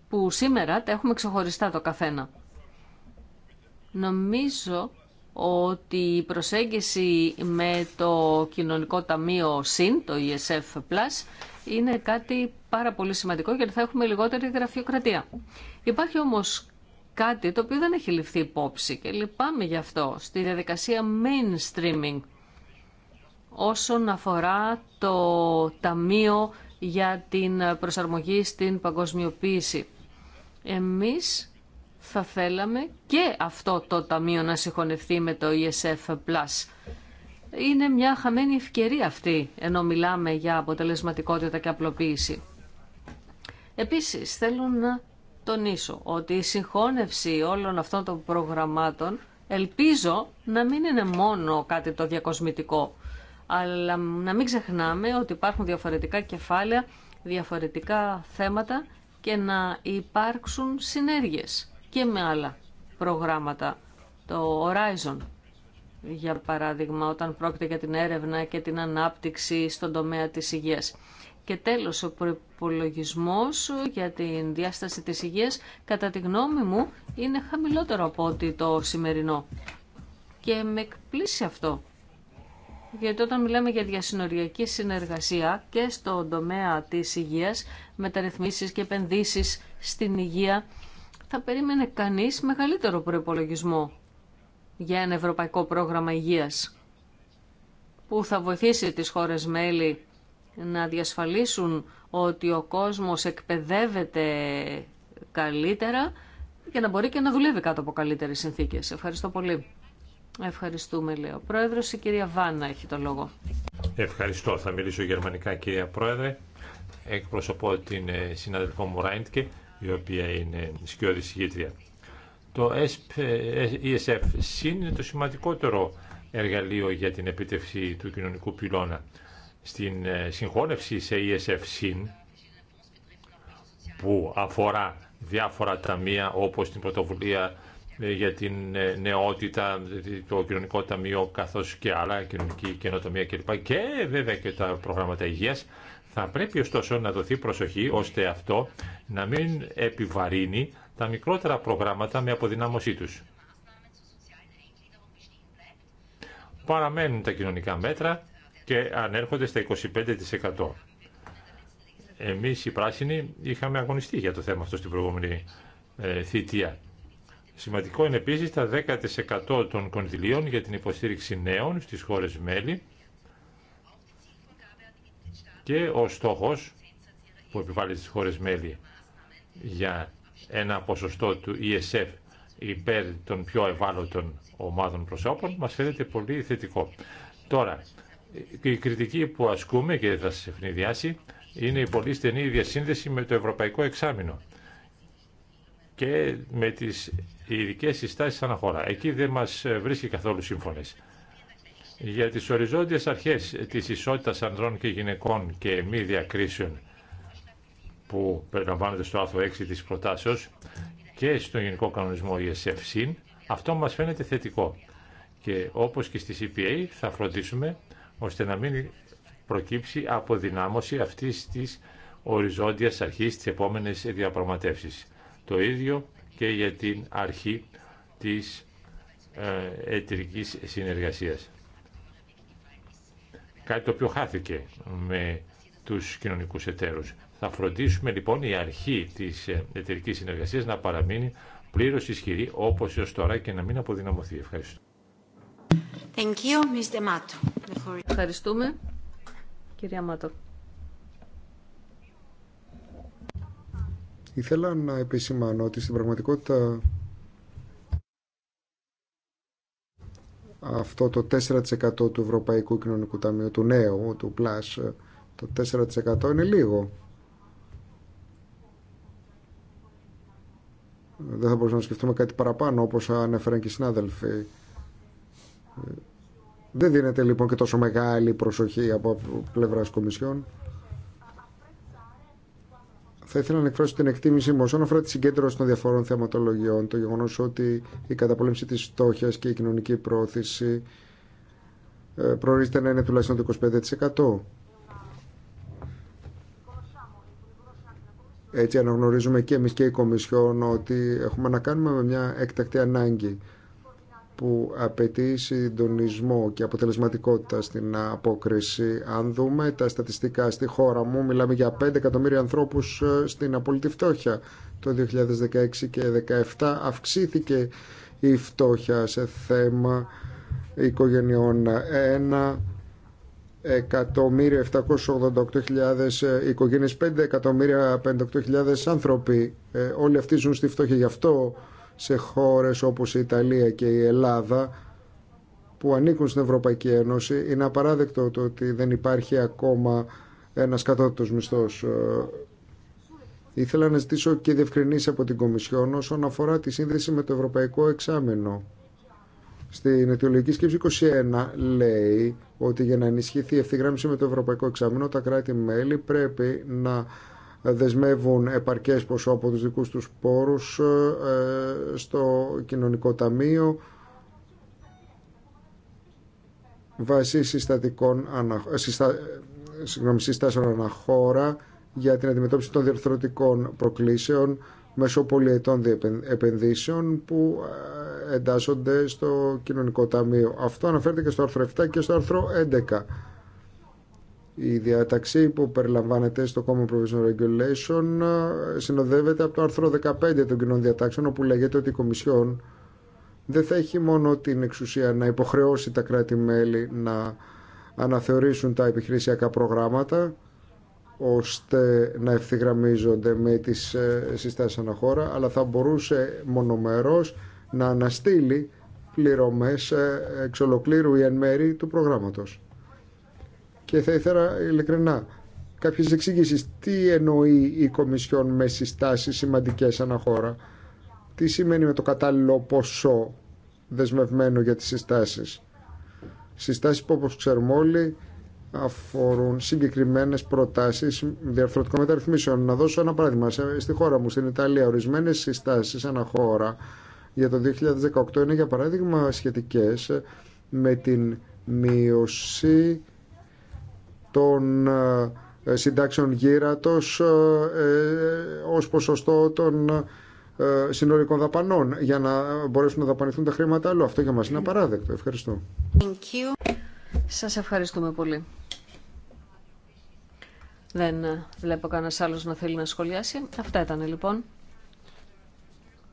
[SPEAKER 3] που σήμερα τα έχουμε ξεχωριστά το καθένα. Νομίζω ότι η προσέγγιση με το κοινωνικό ταμείο ΣΥΝ, το ESF+, είναι κάτι πάρα πολύ σημαντικό γιατί θα έχουμε λιγότερη γραφειοκρατία. Υπάρχει όμως κάτι το οποίο δεν έχει ληφθεί υπόψη και λυπάμαι γι' αυτό στη διαδικασία mainstreaming όσον αφορά το Ταμείο για την προσαρμογή στην παγκοσμιοποίηση. Εμείς θα θέλαμε και αυτό το ταμείο να συγχωνευτεί με το ESF+. Είναι μια χαμένη ευκαιρία αυτή, ενώ μιλάμε για αποτελεσματικότητα και απλοποίηση. Επίσης, θέλω να τονίσω ότι η συγχώνευση όλων αυτών των προγραμμάτων ελπίζω να μην είναι μόνο κάτι το διακοσμητικό, αλλά να μην ξεχνάμε ότι υπάρχουν διαφορετικά κεφάλαια, διαφορετικά θέματα και να υπάρξουν συνέργειες και με άλλα προγράμματα. Το Horizon, για παράδειγμα, όταν πρόκειται για την έρευνα και την ανάπτυξη στον τομέα της υγείας. Και τέλος, ο προπολογισμό για την διάσταση της υγείας, κατά τη γνώμη μου, είναι χαμηλότερο από ό,τι το σημερινό. Και με εκπλήσει αυτό. Γιατί όταν μιλάμε για διασυνοριακή συνεργασία και στον τομέα της υγείας, μεταρρυθμίσεις και επενδύσεις στην υγεία, θα περίμενε κανείς μεγαλύτερο προϋπολογισμό για ένα ευρωπαϊκό πρόγραμμα υγείας που θα βοηθήσει τις χώρες μέλη να διασφαλίσουν ότι ο κόσμος εκπαιδεύεται καλύτερα για να μπορεί και να δουλεύει κάτω από καλύτερες συνθήκες. Ευχαριστώ πολύ. Ευχαριστούμε, λέει ο Πρόεδρος. Η κυρία Βάνα έχει το λόγο.
[SPEAKER 2] Ευχαριστώ. Θα μιλήσω γερμανικά, κυρία Πρόεδρε. Εκπροσωπώ την ε, συναδελφό μου Ράιντκε, η οποία είναι σκιώδη συγγήτρια. Το ESF sin ε, είναι το σημαντικότερο εργαλείο για την επιτευξή του κοινωνικού πυλώνα. Στην ε, συγχώνευση σε ESF sin που αφορά διάφορα ταμεία όπως την πρωτοβουλία ε, για την νεότητα, το κοινωνικό ταμείο καθώς και άλλα, κοινωνική καινοτομία κλπ. Και βέβαια και τα προγράμματα υγείας. Θα πρέπει ωστόσο να δοθεί προσοχή ώστε αυτό να μην επιβαρύνει τα μικρότερα προγράμματα με αποδυνάμωσή τους. Παραμένουν τα κοινωνικά μέτρα και ανέρχονται στα 25%. Εμείς οι πράσινοι είχαμε αγωνιστεί για το θέμα αυτό στην προηγούμενη ε, θητεία. Σημαντικό είναι επίσης τα 10% των κονδυλίων για την υποστήριξη νέων στις χώρες μέλη και ο στόχος που επιβάλλει στις χώρες μέλη για ένα ποσοστό του ESF υπέρ των πιο ευάλωτων ομάδων προσώπων μας φαίνεται πολύ θετικό. Τώρα, η κριτική που ασκούμε και θα σας ευνηδιάσει είναι η πολύ στενή διασύνδεση με το Ευρωπαϊκό Εξάμεινο και με τις ειδικέ συστάσεις αναχώρα. Εκεί δεν μας βρίσκει καθόλου σύμφωνες για τις οριζόντιες αρχές της ισότητας ανδρών και γυναικών και μη διακρίσεων που περιλαμβάνονται στο άρθρο 6 της προτάσεως και στο Γενικό Κανονισμό ESF-SYN, αυτό μας φαίνεται θετικό. Και όπως και στη CPA e θα φροντίσουμε ώστε να μην προκύψει αποδυνάμωση αυτής της οριζόντιας αρχής της επόμενες διαπραγματεύσεις. Το ίδιο και για την αρχή της ε, εταιρικής συνεργασίας. Κάτι το οποίο χάθηκε με τους κοινωνικούς εταίρους. Θα φροντίσουμε λοιπόν η αρχή της ε, εταιρικής συνεργασίας να παραμείνει πλήρως ισχυρή όπως έως τώρα και να μην αποδυναμωθεί. Ευχαριστώ.
[SPEAKER 3] Thank you, Demato. Ευχαριστούμε, κυρία Μάτο.
[SPEAKER 4] Ήθελα να επισημάνω ότι στην πραγματικότητα αυτό το 4% του Ευρωπαϊκού Κοινωνικού Ταμείου, του νέου, του plus, το 4% είναι λίγο. Δεν θα μπορούσαμε να σκεφτούμε κάτι παραπάνω, όπως ανέφεραν και οι συνάδελφοι. Δεν δίνεται λοιπόν και τόσο μεγάλη προσοχή από πλευράς Κομισιόν. Θα ήθελα να εκφράσω την εκτίμησή μου όσον αφορά τη συγκέντρωση των διαφορών θεματολογιών, το γεγονό ότι η καταπολέμηση τη φτώχεια και η κοινωνική πρόθεση ε, προορίζεται να είναι τουλάχιστον το 25%. Έτσι αναγνωρίζουμε και εμείς και η Κομισιόν ότι έχουμε να κάνουμε με μια έκτακτη ανάγκη που απαιτεί συντονισμό και αποτελεσματικότητα στην απόκριση. Αν δούμε τα στατιστικά στη χώρα μου, μιλάμε για 5 εκατομμύρια ανθρώπους ε, στην απόλυτη φτώχεια. Το 2016 και 2017 αυξήθηκε η φτώχεια σε θέμα οικογενειών. Ένα εκατομμύριο 788.000 οικογένειες, 5 εκατομμύρια 58.000 άνθρωποι. Ε, όλοι αυτοί ζουν στη φτώχεια. Γι' αυτό σε χώρες όπως η Ιταλία και η Ελλάδα που ανήκουν στην Ευρωπαϊκή Ένωση. Είναι απαράδεκτο το ότι δεν υπάρχει ακόμα ένας κατώτατος μισθός. Ε, ήθελα να ζητήσω και διευκρινήσει από την Κομισιόν όσον αφορά τη σύνδεση με το Ευρωπαϊκό Εξάμενο. Στην αιτιολογική σκέψη 21 λέει ότι για να ενισχυθεί η ευθυγράμμιση με το Ευρωπαϊκό Εξάμεινο τα κράτη-μέλη πρέπει να δεσμεύουν επαρκές ποσό από τους δικούς τους πόρους ε, στο κοινωνικό ταμείο βασί συστατικών ανα... Ε, συστα... Ε, συστάσεων αναχώρα για την αντιμετώπιση των διαρθρωτικών προκλήσεων μέσω πολυετών επενδύσεων που εντάσσονται στο κοινωνικό ταμείο. Αυτό αναφέρεται και στο άρθρο 7 και στο άρθρο 11 η διαταξή που περιλαμβάνεται στο Common Provision Regulation ε, συνοδεύεται από το άρθρο 15 των κοινών διατάξεων όπου λέγεται ότι η Κομισιόν δεν θα έχει μόνο την εξουσία να υποχρεώσει τα κράτη-μέλη να αναθεωρήσουν τα επιχειρησιακά προγράμματα ώστε να ευθυγραμμίζονται με τις ε, συστάσεις αναχώρα αλλά θα μπορούσε μονομερός να αναστείλει πληρωμές ε, εξ ολοκλήρου ή εν μέρη του προγράμματος και θα ήθελα ειλικρινά κάποιες εξηγήσει Τι εννοεί η Κομισιόν με συστάσεις σημαντικές αναχώρα. Τι σημαίνει με το κατάλληλο ποσό δεσμευμένο για τις συστάσεις. Συστάσεις που όπως ξέρουμε όλοι αφορούν συγκεκριμένες προτάσεις διαρθρωτικών μεταρρυθμίσεων. Να δώσω ένα παράδειγμα. Στη χώρα μου, στην Ιταλία, ορισμένε συστάσει αναχώρα για το 2018 είναι για παράδειγμα σχετικέ με την μείωση των ε, ε, συντάξεων γύρατος ε, ως ποσοστό των συνολικών δαπανών για να μπορέσουν να δαπανηθούν τα χρήματα άλλο. Αυτό για μας είναι απαράδεκτο. Ευχαριστώ.
[SPEAKER 3] Thank you. Σας ευχαριστούμε πολύ. Δεν βλέπω κανένα άλλο να θέλει να σχολιάσει. Αυτά ήταν λοιπόν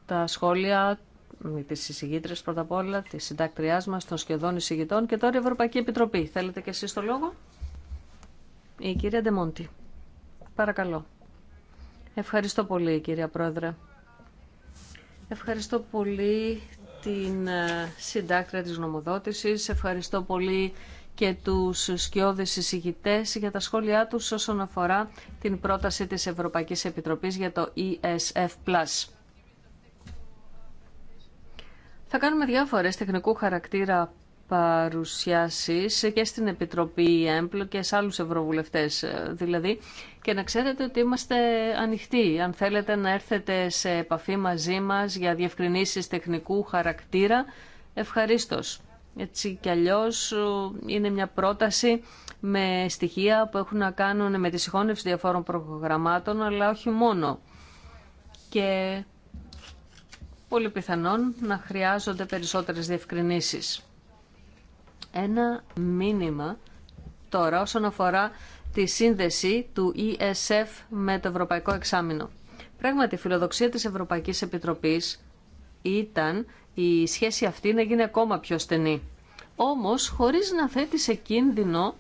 [SPEAKER 3] τα σχόλια τις εισηγήτρες πρώτα απ' όλα, τη συντάκτριάς μα, των σχεδόν εισηγητών και τώρα η Ευρωπαϊκή Επιτροπή. Θέλετε και εσείς το λόγο. Η κυρία Ντεμόντι. Παρακαλώ. Ευχαριστώ πολύ κυρία Πρόεδρε. Ευχαριστώ πολύ την ε, συντάκτρια της νομοδότησης. Ευχαριστώ πολύ και τους σκιώδες συζητητές για τα σχόλιά τους όσον αφορά την πρόταση της Ευρωπαϊκής Επιτροπής για το ESF+. Θα κάνουμε διάφορες τεχνικού χαρακτήρα παρουσιάσεις και στην Επιτροπή ΕΜΠΛΟ και σε άλλους ευρωβουλευτές ε, δηλαδή και να ξέρετε ότι είμαστε ανοιχτοί. Αν θέλετε να έρθετε σε επαφή μαζί μας για διευκρινήσεις τεχνικού χαρακτήρα, ευχαρίστως. Έτσι κι αλλιώς είναι μια πρόταση με στοιχεία που έχουν να κάνουν με τη συγχώνευση διαφόρων προγραμμάτων, αλλά όχι μόνο. Και πολύ πιθανόν να χρειάζονται περισσότερες διευκρινήσεις ένα μήνυμα τώρα όσον αφορά τη σύνδεση του ESF με το Ευρωπαϊκό Εξάμεινο. Πράγματι, η φιλοδοξία της Ευρωπαϊκής Επιτροπής ήταν η σχέση αυτή να γίνει ακόμα πιο στενή. Όμως, χωρίς να θέτει σε κίνδυνο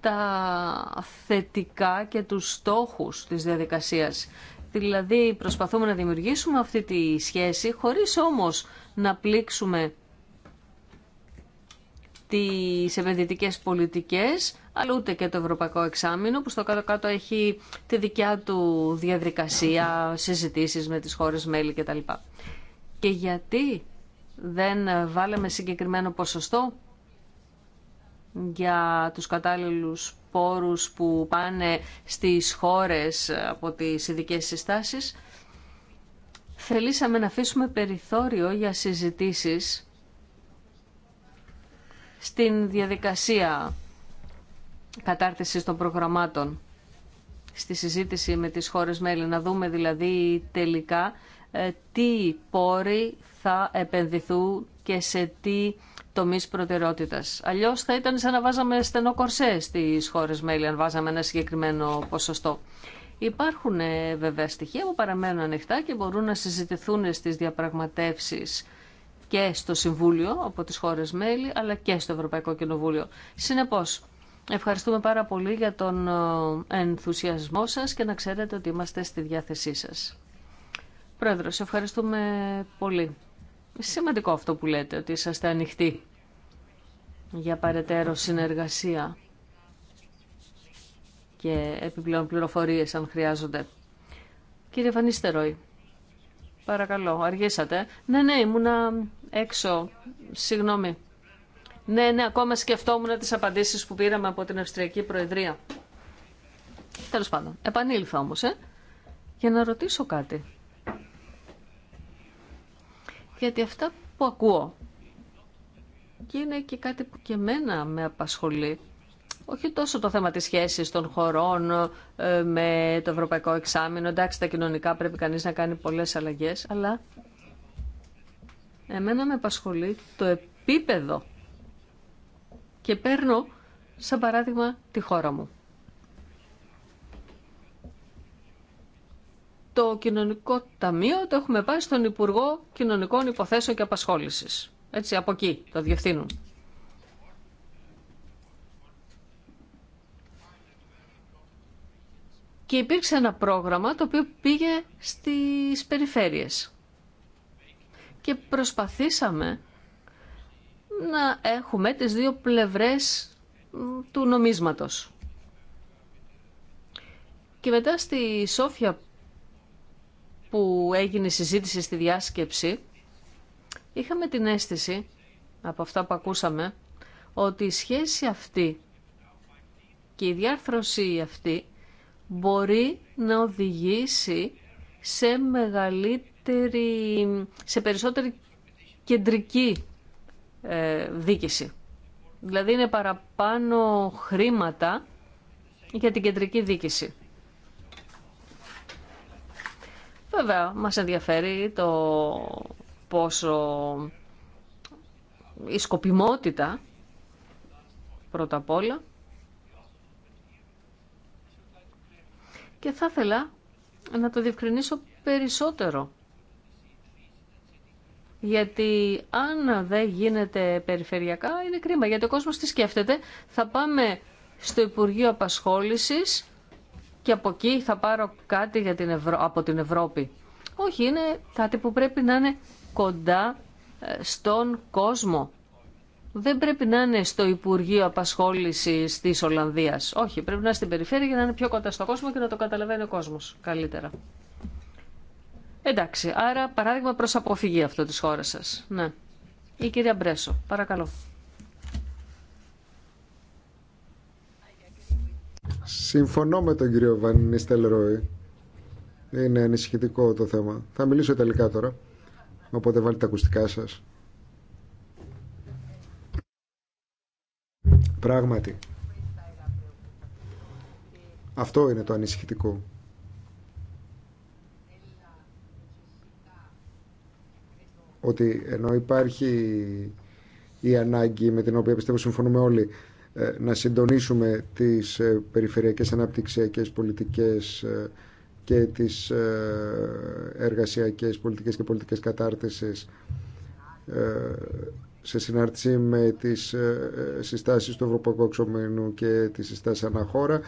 [SPEAKER 3] τα θετικά και τους στόχους της διαδικασίας. Δηλαδή, προσπαθούμε να δημιουργήσουμε αυτή τη σχέση, χωρίς όμως να πλήξουμε τι επενδυτικές πολιτικές, αλλά ούτε και το Ευρωπαϊκό Εξάμεινο, που στο κάτω-κάτω έχει τη δικιά του διαδικασία, συζητήσεις με τις χώρες μέλη κτλ. Και γιατί δεν βάλαμε συγκεκριμένο ποσοστό για τους κατάλληλους πόρους που πάνε στις χώρες από τις ειδικέ συστάσεις. Θελήσαμε να αφήσουμε περιθώριο για συζητήσεις στην διαδικασία κατάρτισης των προγραμμάτων στη συζήτηση με τις χώρες μέλη, να δούμε δηλαδή τελικά ε, τι πόροι θα επενδυθούν και σε τι τομεί προτεραιότητα. Αλλιώ θα ήταν σαν να βάζαμε στενό κορσέ στι χώρε μέλη, αν βάζαμε ένα συγκεκριμένο ποσοστό. Υπάρχουν ε, βέβαια στοιχεία που παραμένουν ανοιχτά και μπορούν να συζητηθούν στι διαπραγματεύσει και στο Συμβούλιο από τις χώρες μέλη, αλλά και στο Ευρωπαϊκό Κοινοβούλιο. Συνεπώς, ευχαριστούμε πάρα πολύ για τον ε, ενθουσιασμό σας και να ξέρετε ότι είμαστε στη διάθεσή σας. Πρόεδρος, ευχαριστούμε πολύ. Σημαντικό αυτό που λέτε, ότι είσαστε ανοιχτοί για παρετέρω συνεργασία και επιπλέον πληροφορίες αν χρειάζονται. Κύριε Παρακαλώ, αργήσατε. Ναι, ναι, ήμουνα έξω. Συγγνώμη. Ναι, ναι, ακόμα σκεφτόμουν τις απαντήσεις που πήραμε από την Αυστριακή Προεδρία. Τέλος πάντων, επανήλθα όμως, ε, για να ρωτήσω κάτι. Γιατί αυτά που ακούω, και είναι και κάτι που και εμένα με απασχολεί, όχι τόσο το θέμα της σχέσης των χωρών ε, με το ευρωπαϊκό εξάμεινο. Εντάξει, τα κοινωνικά πρέπει κανείς να κάνει πολλές αλλαγές, αλλά εμένα με απασχολεί το επίπεδο. Και παίρνω, σαν παράδειγμα, τη χώρα μου. Το κοινωνικό ταμείο το έχουμε πάει στον Υπουργό Κοινωνικών Υποθέσεων και Απασχόλησης. Έτσι, από εκεί το διευθύνουν. και υπήρξε ένα πρόγραμμα το οποίο πήγε στις περιφέρειες. Και προσπαθήσαμε να έχουμε τις δύο πλευρές του νομίσματος. Και μετά στη Σόφια που έγινε συζήτηση στη διάσκεψη, είχαμε την αίσθηση από αυτά που ακούσαμε ότι η σχέση αυτή και η διάρθρωση αυτή μπορεί να οδηγήσει σε μεγαλύτερη, σε περισσότερη κεντρική ε, δίκηση. Δηλαδή είναι παραπάνω χρήματα για την κεντρική δίκηση. Βέβαια, μας ενδιαφέρει το πόσο η σκοπιμότητα πρώτα απ' όλα και θα ήθελα να το διευκρινίσω περισσότερο. Γιατί αν δεν γίνεται περιφερειακά είναι κρίμα, γιατί ο κόσμος τι σκέφτεται. Θα πάμε στο Υπουργείο Απασχόλησης και από εκεί θα πάρω κάτι για την από την Ευρώπη. Όχι, είναι κάτι που πρέπει να είναι κοντά ε, στον κόσμο δεν πρέπει να είναι στο Υπουργείο Απασχόληση της Ολλανδία. Όχι, πρέπει να είναι στην περιφέρεια για να είναι πιο κοντά στο κόσμο και να το καταλαβαίνει ο κόσμος καλύτερα. Εντάξει, άρα παράδειγμα προ αποφυγή αυτό της χώρας σας. Ναι. Η κυρία Μπρέσο, παρακαλώ.
[SPEAKER 4] Συμφωνώ με τον κύριο Βανίστελ Ρόι. Είναι ανησυχητικό το θέμα. Θα μιλήσω τελικά τώρα. Οπότε βάλτε τα ακουστικά σας. Πράγματι. Αυτό είναι το ανησυχητικό. Ότι ενώ υπάρχει η ανάγκη με την οποία πιστεύω συμφωνούμε όλοι ε, να συντονίσουμε τις ε, περιφερειακές αναπτυξιακές πολιτικές ε, και τις εργασιακές πολιτικές και πολιτικές κατάρτισης σε συνάρτηση με τις ε, ε, συστάσεις του Ευρωπαϊκού Εξωμένου και τις συστάσεις αναχώρα.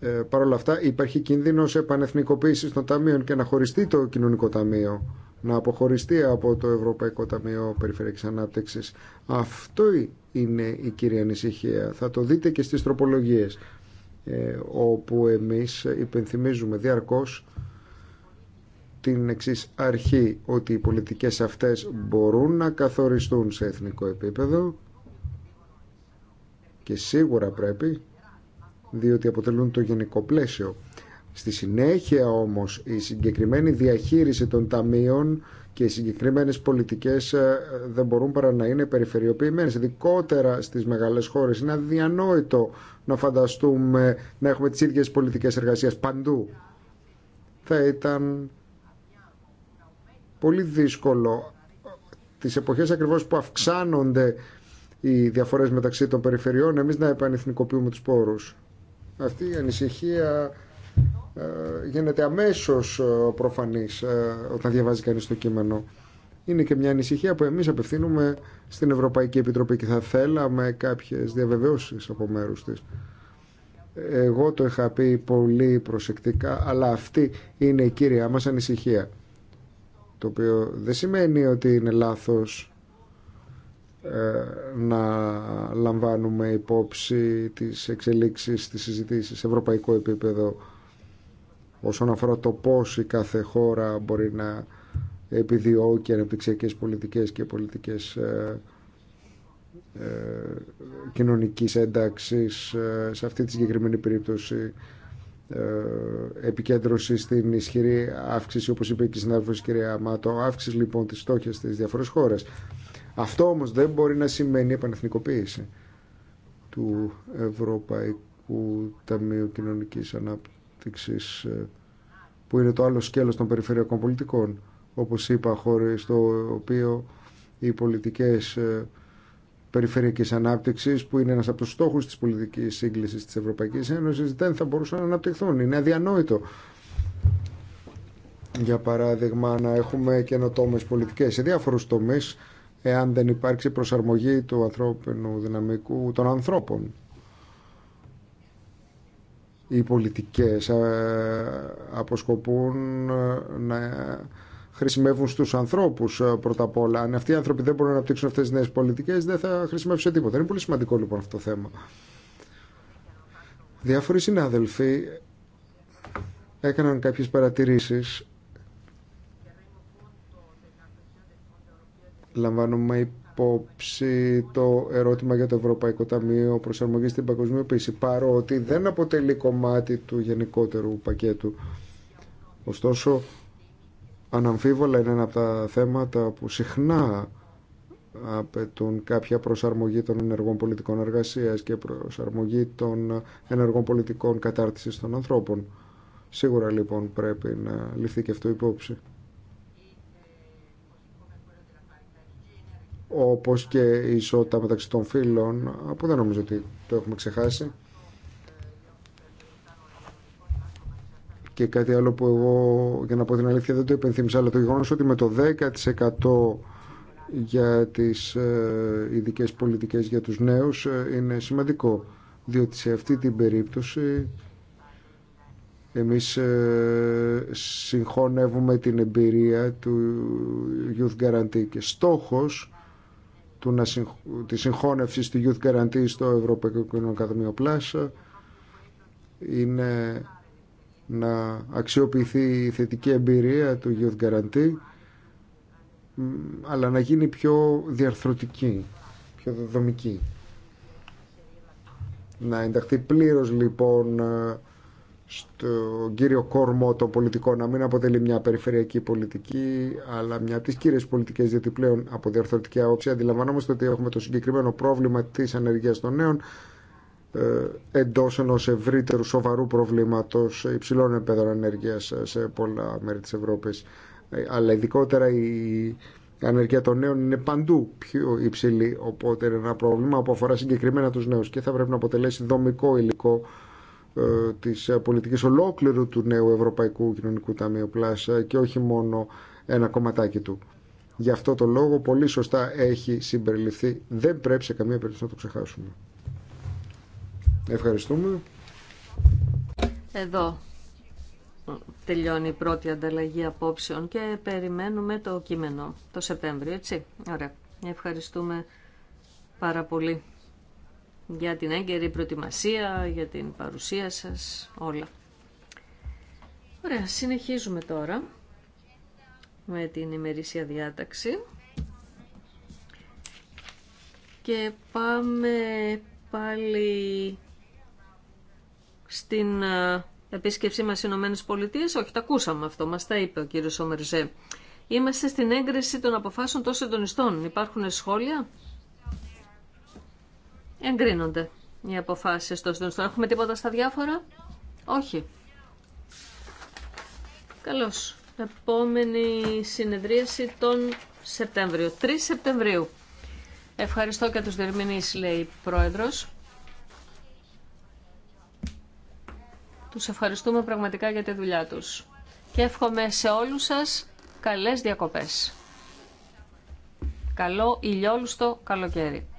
[SPEAKER 4] Ε, Παρ' όλα αυτά υπάρχει κίνδυνος επανεθνικοποίησης των ταμείων και να χωριστεί το κοινωνικό ταμείο, να αποχωριστεί από το Ευρωπαϊκό Ταμείο Περιφερειακής Ανάπτυξης. Αυτό είναι η κύρια ανησυχία. Θα το δείτε και στις τροπολογίες, ε, όπου εμείς υπενθυμίζουμε διαρκώς την εξή αρχή ότι οι πολιτικές αυτές μπορούν να καθοριστούν σε εθνικό επίπεδο και σίγουρα πρέπει διότι αποτελούν το γενικό πλαίσιο. Στη συνέχεια όμως η συγκεκριμένη διαχείριση των ταμείων και οι συγκεκριμένες πολιτικές ε, δεν μπορούν παρά να είναι περιφερειοποιημένες. Ειδικότερα στις μεγάλες χώρες είναι αδιανόητο να φανταστούμε να έχουμε τις ίδιες πολιτικές εργασίας παντού. Θα ήταν πολύ δύσκολο τις εποχές ακριβώς που αυξάνονται οι διαφορές μεταξύ των περιφερειών εμείς να επανεθνικοποιούμε τους πόρους. Αυτή η ανησυχία ε, γίνεται αμέσως ε, προφανής ε, όταν διαβάζει κανείς το κείμενο. Είναι και μια ανησυχία που εμείς απευθύνουμε στην Ευρωπαϊκή Επιτροπή και θα θέλαμε κάποιες διαβεβαιώσεις από μέρους της. Εγώ το είχα πει πολύ προσεκτικά, αλλά αυτή είναι η κύρια μας ανησυχία το οποίο δεν σημαίνει ότι είναι λάθος ε, να λαμβάνουμε υπόψη τις εξελίξεις της συζητήσεις σε ευρωπαϊκό επίπεδο όσον αφορά το πώς η κάθε χώρα μπορεί να επιδιώκει αναπτυξιακές πολιτικές και πολιτικές ε, ε, κοινωνικής ένταξης ε, σε αυτή τη συγκεκριμένη περίπτωση ε, επικέντρωση στην ισχυρή αύξηση, όπως είπε και η συνάδελφος κυρία Μάτο, αύξηση λοιπόν της στόχης στις διαφορε χώρε. Αυτό όμως δεν μπορεί να σημαίνει επανεθνικοποίηση του Ευρωπαϊκού Ταμείου Κοινωνικής Ανάπτυξης ε, που είναι το άλλο σκέλος των περιφερειακών πολιτικών όπως είπα χώρες στο οποίο οι πολιτικές ε, περιφερειακής ανάπτυξης που είναι ένας από τους στόχους της πολιτικής σύγκλησης της Ευρωπαϊκής Ένωσης δεν θα μπορούσαν να αναπτυχθούν. Είναι αδιανόητο για παράδειγμα να έχουμε καινοτόμε πολιτικές σε διάφορους τομείς εάν δεν υπάρξει προσαρμογή του ανθρώπινου δυναμικού των ανθρώπων. Οι πολιτικές ε, αποσκοπούν ε, να χρησιμεύουν στου ανθρώπου ε, πρώτα απ' όλα. Αν αυτοί οι άνθρωποι δεν μπορούν να αναπτύξουν αυτέ τι νέε πολιτικέ, δεν θα χρησιμεύσουν τίποτα. Είναι πολύ σημαντικό λοιπόν αυτό το θέμα. Διάφοροι συνάδελφοι έκαναν κάποιες παρατηρήσεις λαμβάνουμε υπόψη το ερώτημα για το Ευρωπαϊκό Ταμείο προσαρμογή στην παγκοσμιοποίηση παρότι δεν αποτελεί κομμάτι του γενικότερου πακέτου ωστόσο Αναμφίβολα είναι ένα από τα θέματα που συχνά απαιτούν κάποια προσαρμογή των ενεργών πολιτικών εργασίας και προσαρμογή των ενεργών πολιτικών κατάρτισης των ανθρώπων. Σίγουρα λοιπόν πρέπει να ληφθεί και αυτό υπόψη. Όπως και η ισότητα μεταξύ των φύλων, που δεν νομίζω ότι το έχουμε ξεχάσει. και κάτι άλλο που εγώ για να πω την αλήθεια δεν το υπενθύμισα αλλά το γεγονός ότι με το 10% για τις ε, ειδικέ πολιτικές για τους νέους ε, είναι σημαντικό διότι σε αυτή την περίπτωση εμείς ε, συγχωνεύουμε την εμπειρία του Youth Guarantee και στόχος του να της συγχώνευσης του Youth Guarantee στο Ευρωπαϊκό Κοινωνικό Ακαδημίο Πλάσσα είναι να αξιοποιηθεί η θετική εμπειρία του Youth Guarantee αλλά να γίνει πιο διαρθρωτική, πιο δομική. Να ενταχθεί πλήρως λοιπόν στον κύριο κόρμο το πολιτικό να μην αποτελεί μια περιφερειακή πολιτική αλλά μια από τις κύριες πολιτικές διότι πλέον από διαρθρωτική άποψη αντιλαμβανόμαστε ότι έχουμε το συγκεκριμένο πρόβλημα της ανεργίας των νέων ε, εντός ενός ευρύτερου σοβαρού προβλήματος υψηλών επέδρων ενέργειας σε πολλά μέρη της Ευρώπης. Ε, αλλά ειδικότερα η ανεργία των νέων είναι παντού πιο υψηλή, οπότε είναι ένα πρόβλημα που αφορά συγκεκριμένα τους νέους και θα πρέπει να αποτελέσει δομικό υλικό ε, της πολιτικής ολόκληρου του νέου Ευρωπαϊκού Κοινωνικού Ταμείου Πλάς και όχι μόνο ένα κομματάκι του. Γι' αυτό το λόγο πολύ σωστά έχει συμπεριληφθεί. Δεν πρέπει σε καμία περίπτωση να το ξεχάσουμε. Ευχαριστούμε.
[SPEAKER 3] Εδώ τελειώνει η πρώτη ανταλλαγή απόψεων και περιμένουμε το κείμενο το Σεπτέμβριο, έτσι. Ωραία. Ευχαριστούμε πάρα πολύ για την έγκαιρη προετοιμασία, για την παρουσία σας, όλα. Ωραία, συνεχίζουμε τώρα με την ημερήσια διάταξη και πάμε πάλι στην ε, επίσκεψή μας στις Ηνωμένες Πολιτείες. Όχι, τα ακούσαμε αυτό, μας τα είπε ο κύριος Ομερζέ. Είμαστε στην έγκριση των αποφάσεων των συντονιστών. Υπάρχουν σχόλια? Εγκρίνονται οι αποφάσεις των συντονιστών. Έχουμε τίποτα στα διάφορα? Όχι. Καλώς. Επόμενη συνεδρίαση τον Σεπτέμβριο. 3 Σεπτεμβρίου. Ευχαριστώ και τους Δερμηνείς, λέει η Πρόεδρος. Τους ευχαριστούμε πραγματικά για τη δουλειά τους. Και εύχομαι σε όλους σας καλές διακοπές. Καλό ηλιόλουστο καλοκαίρι.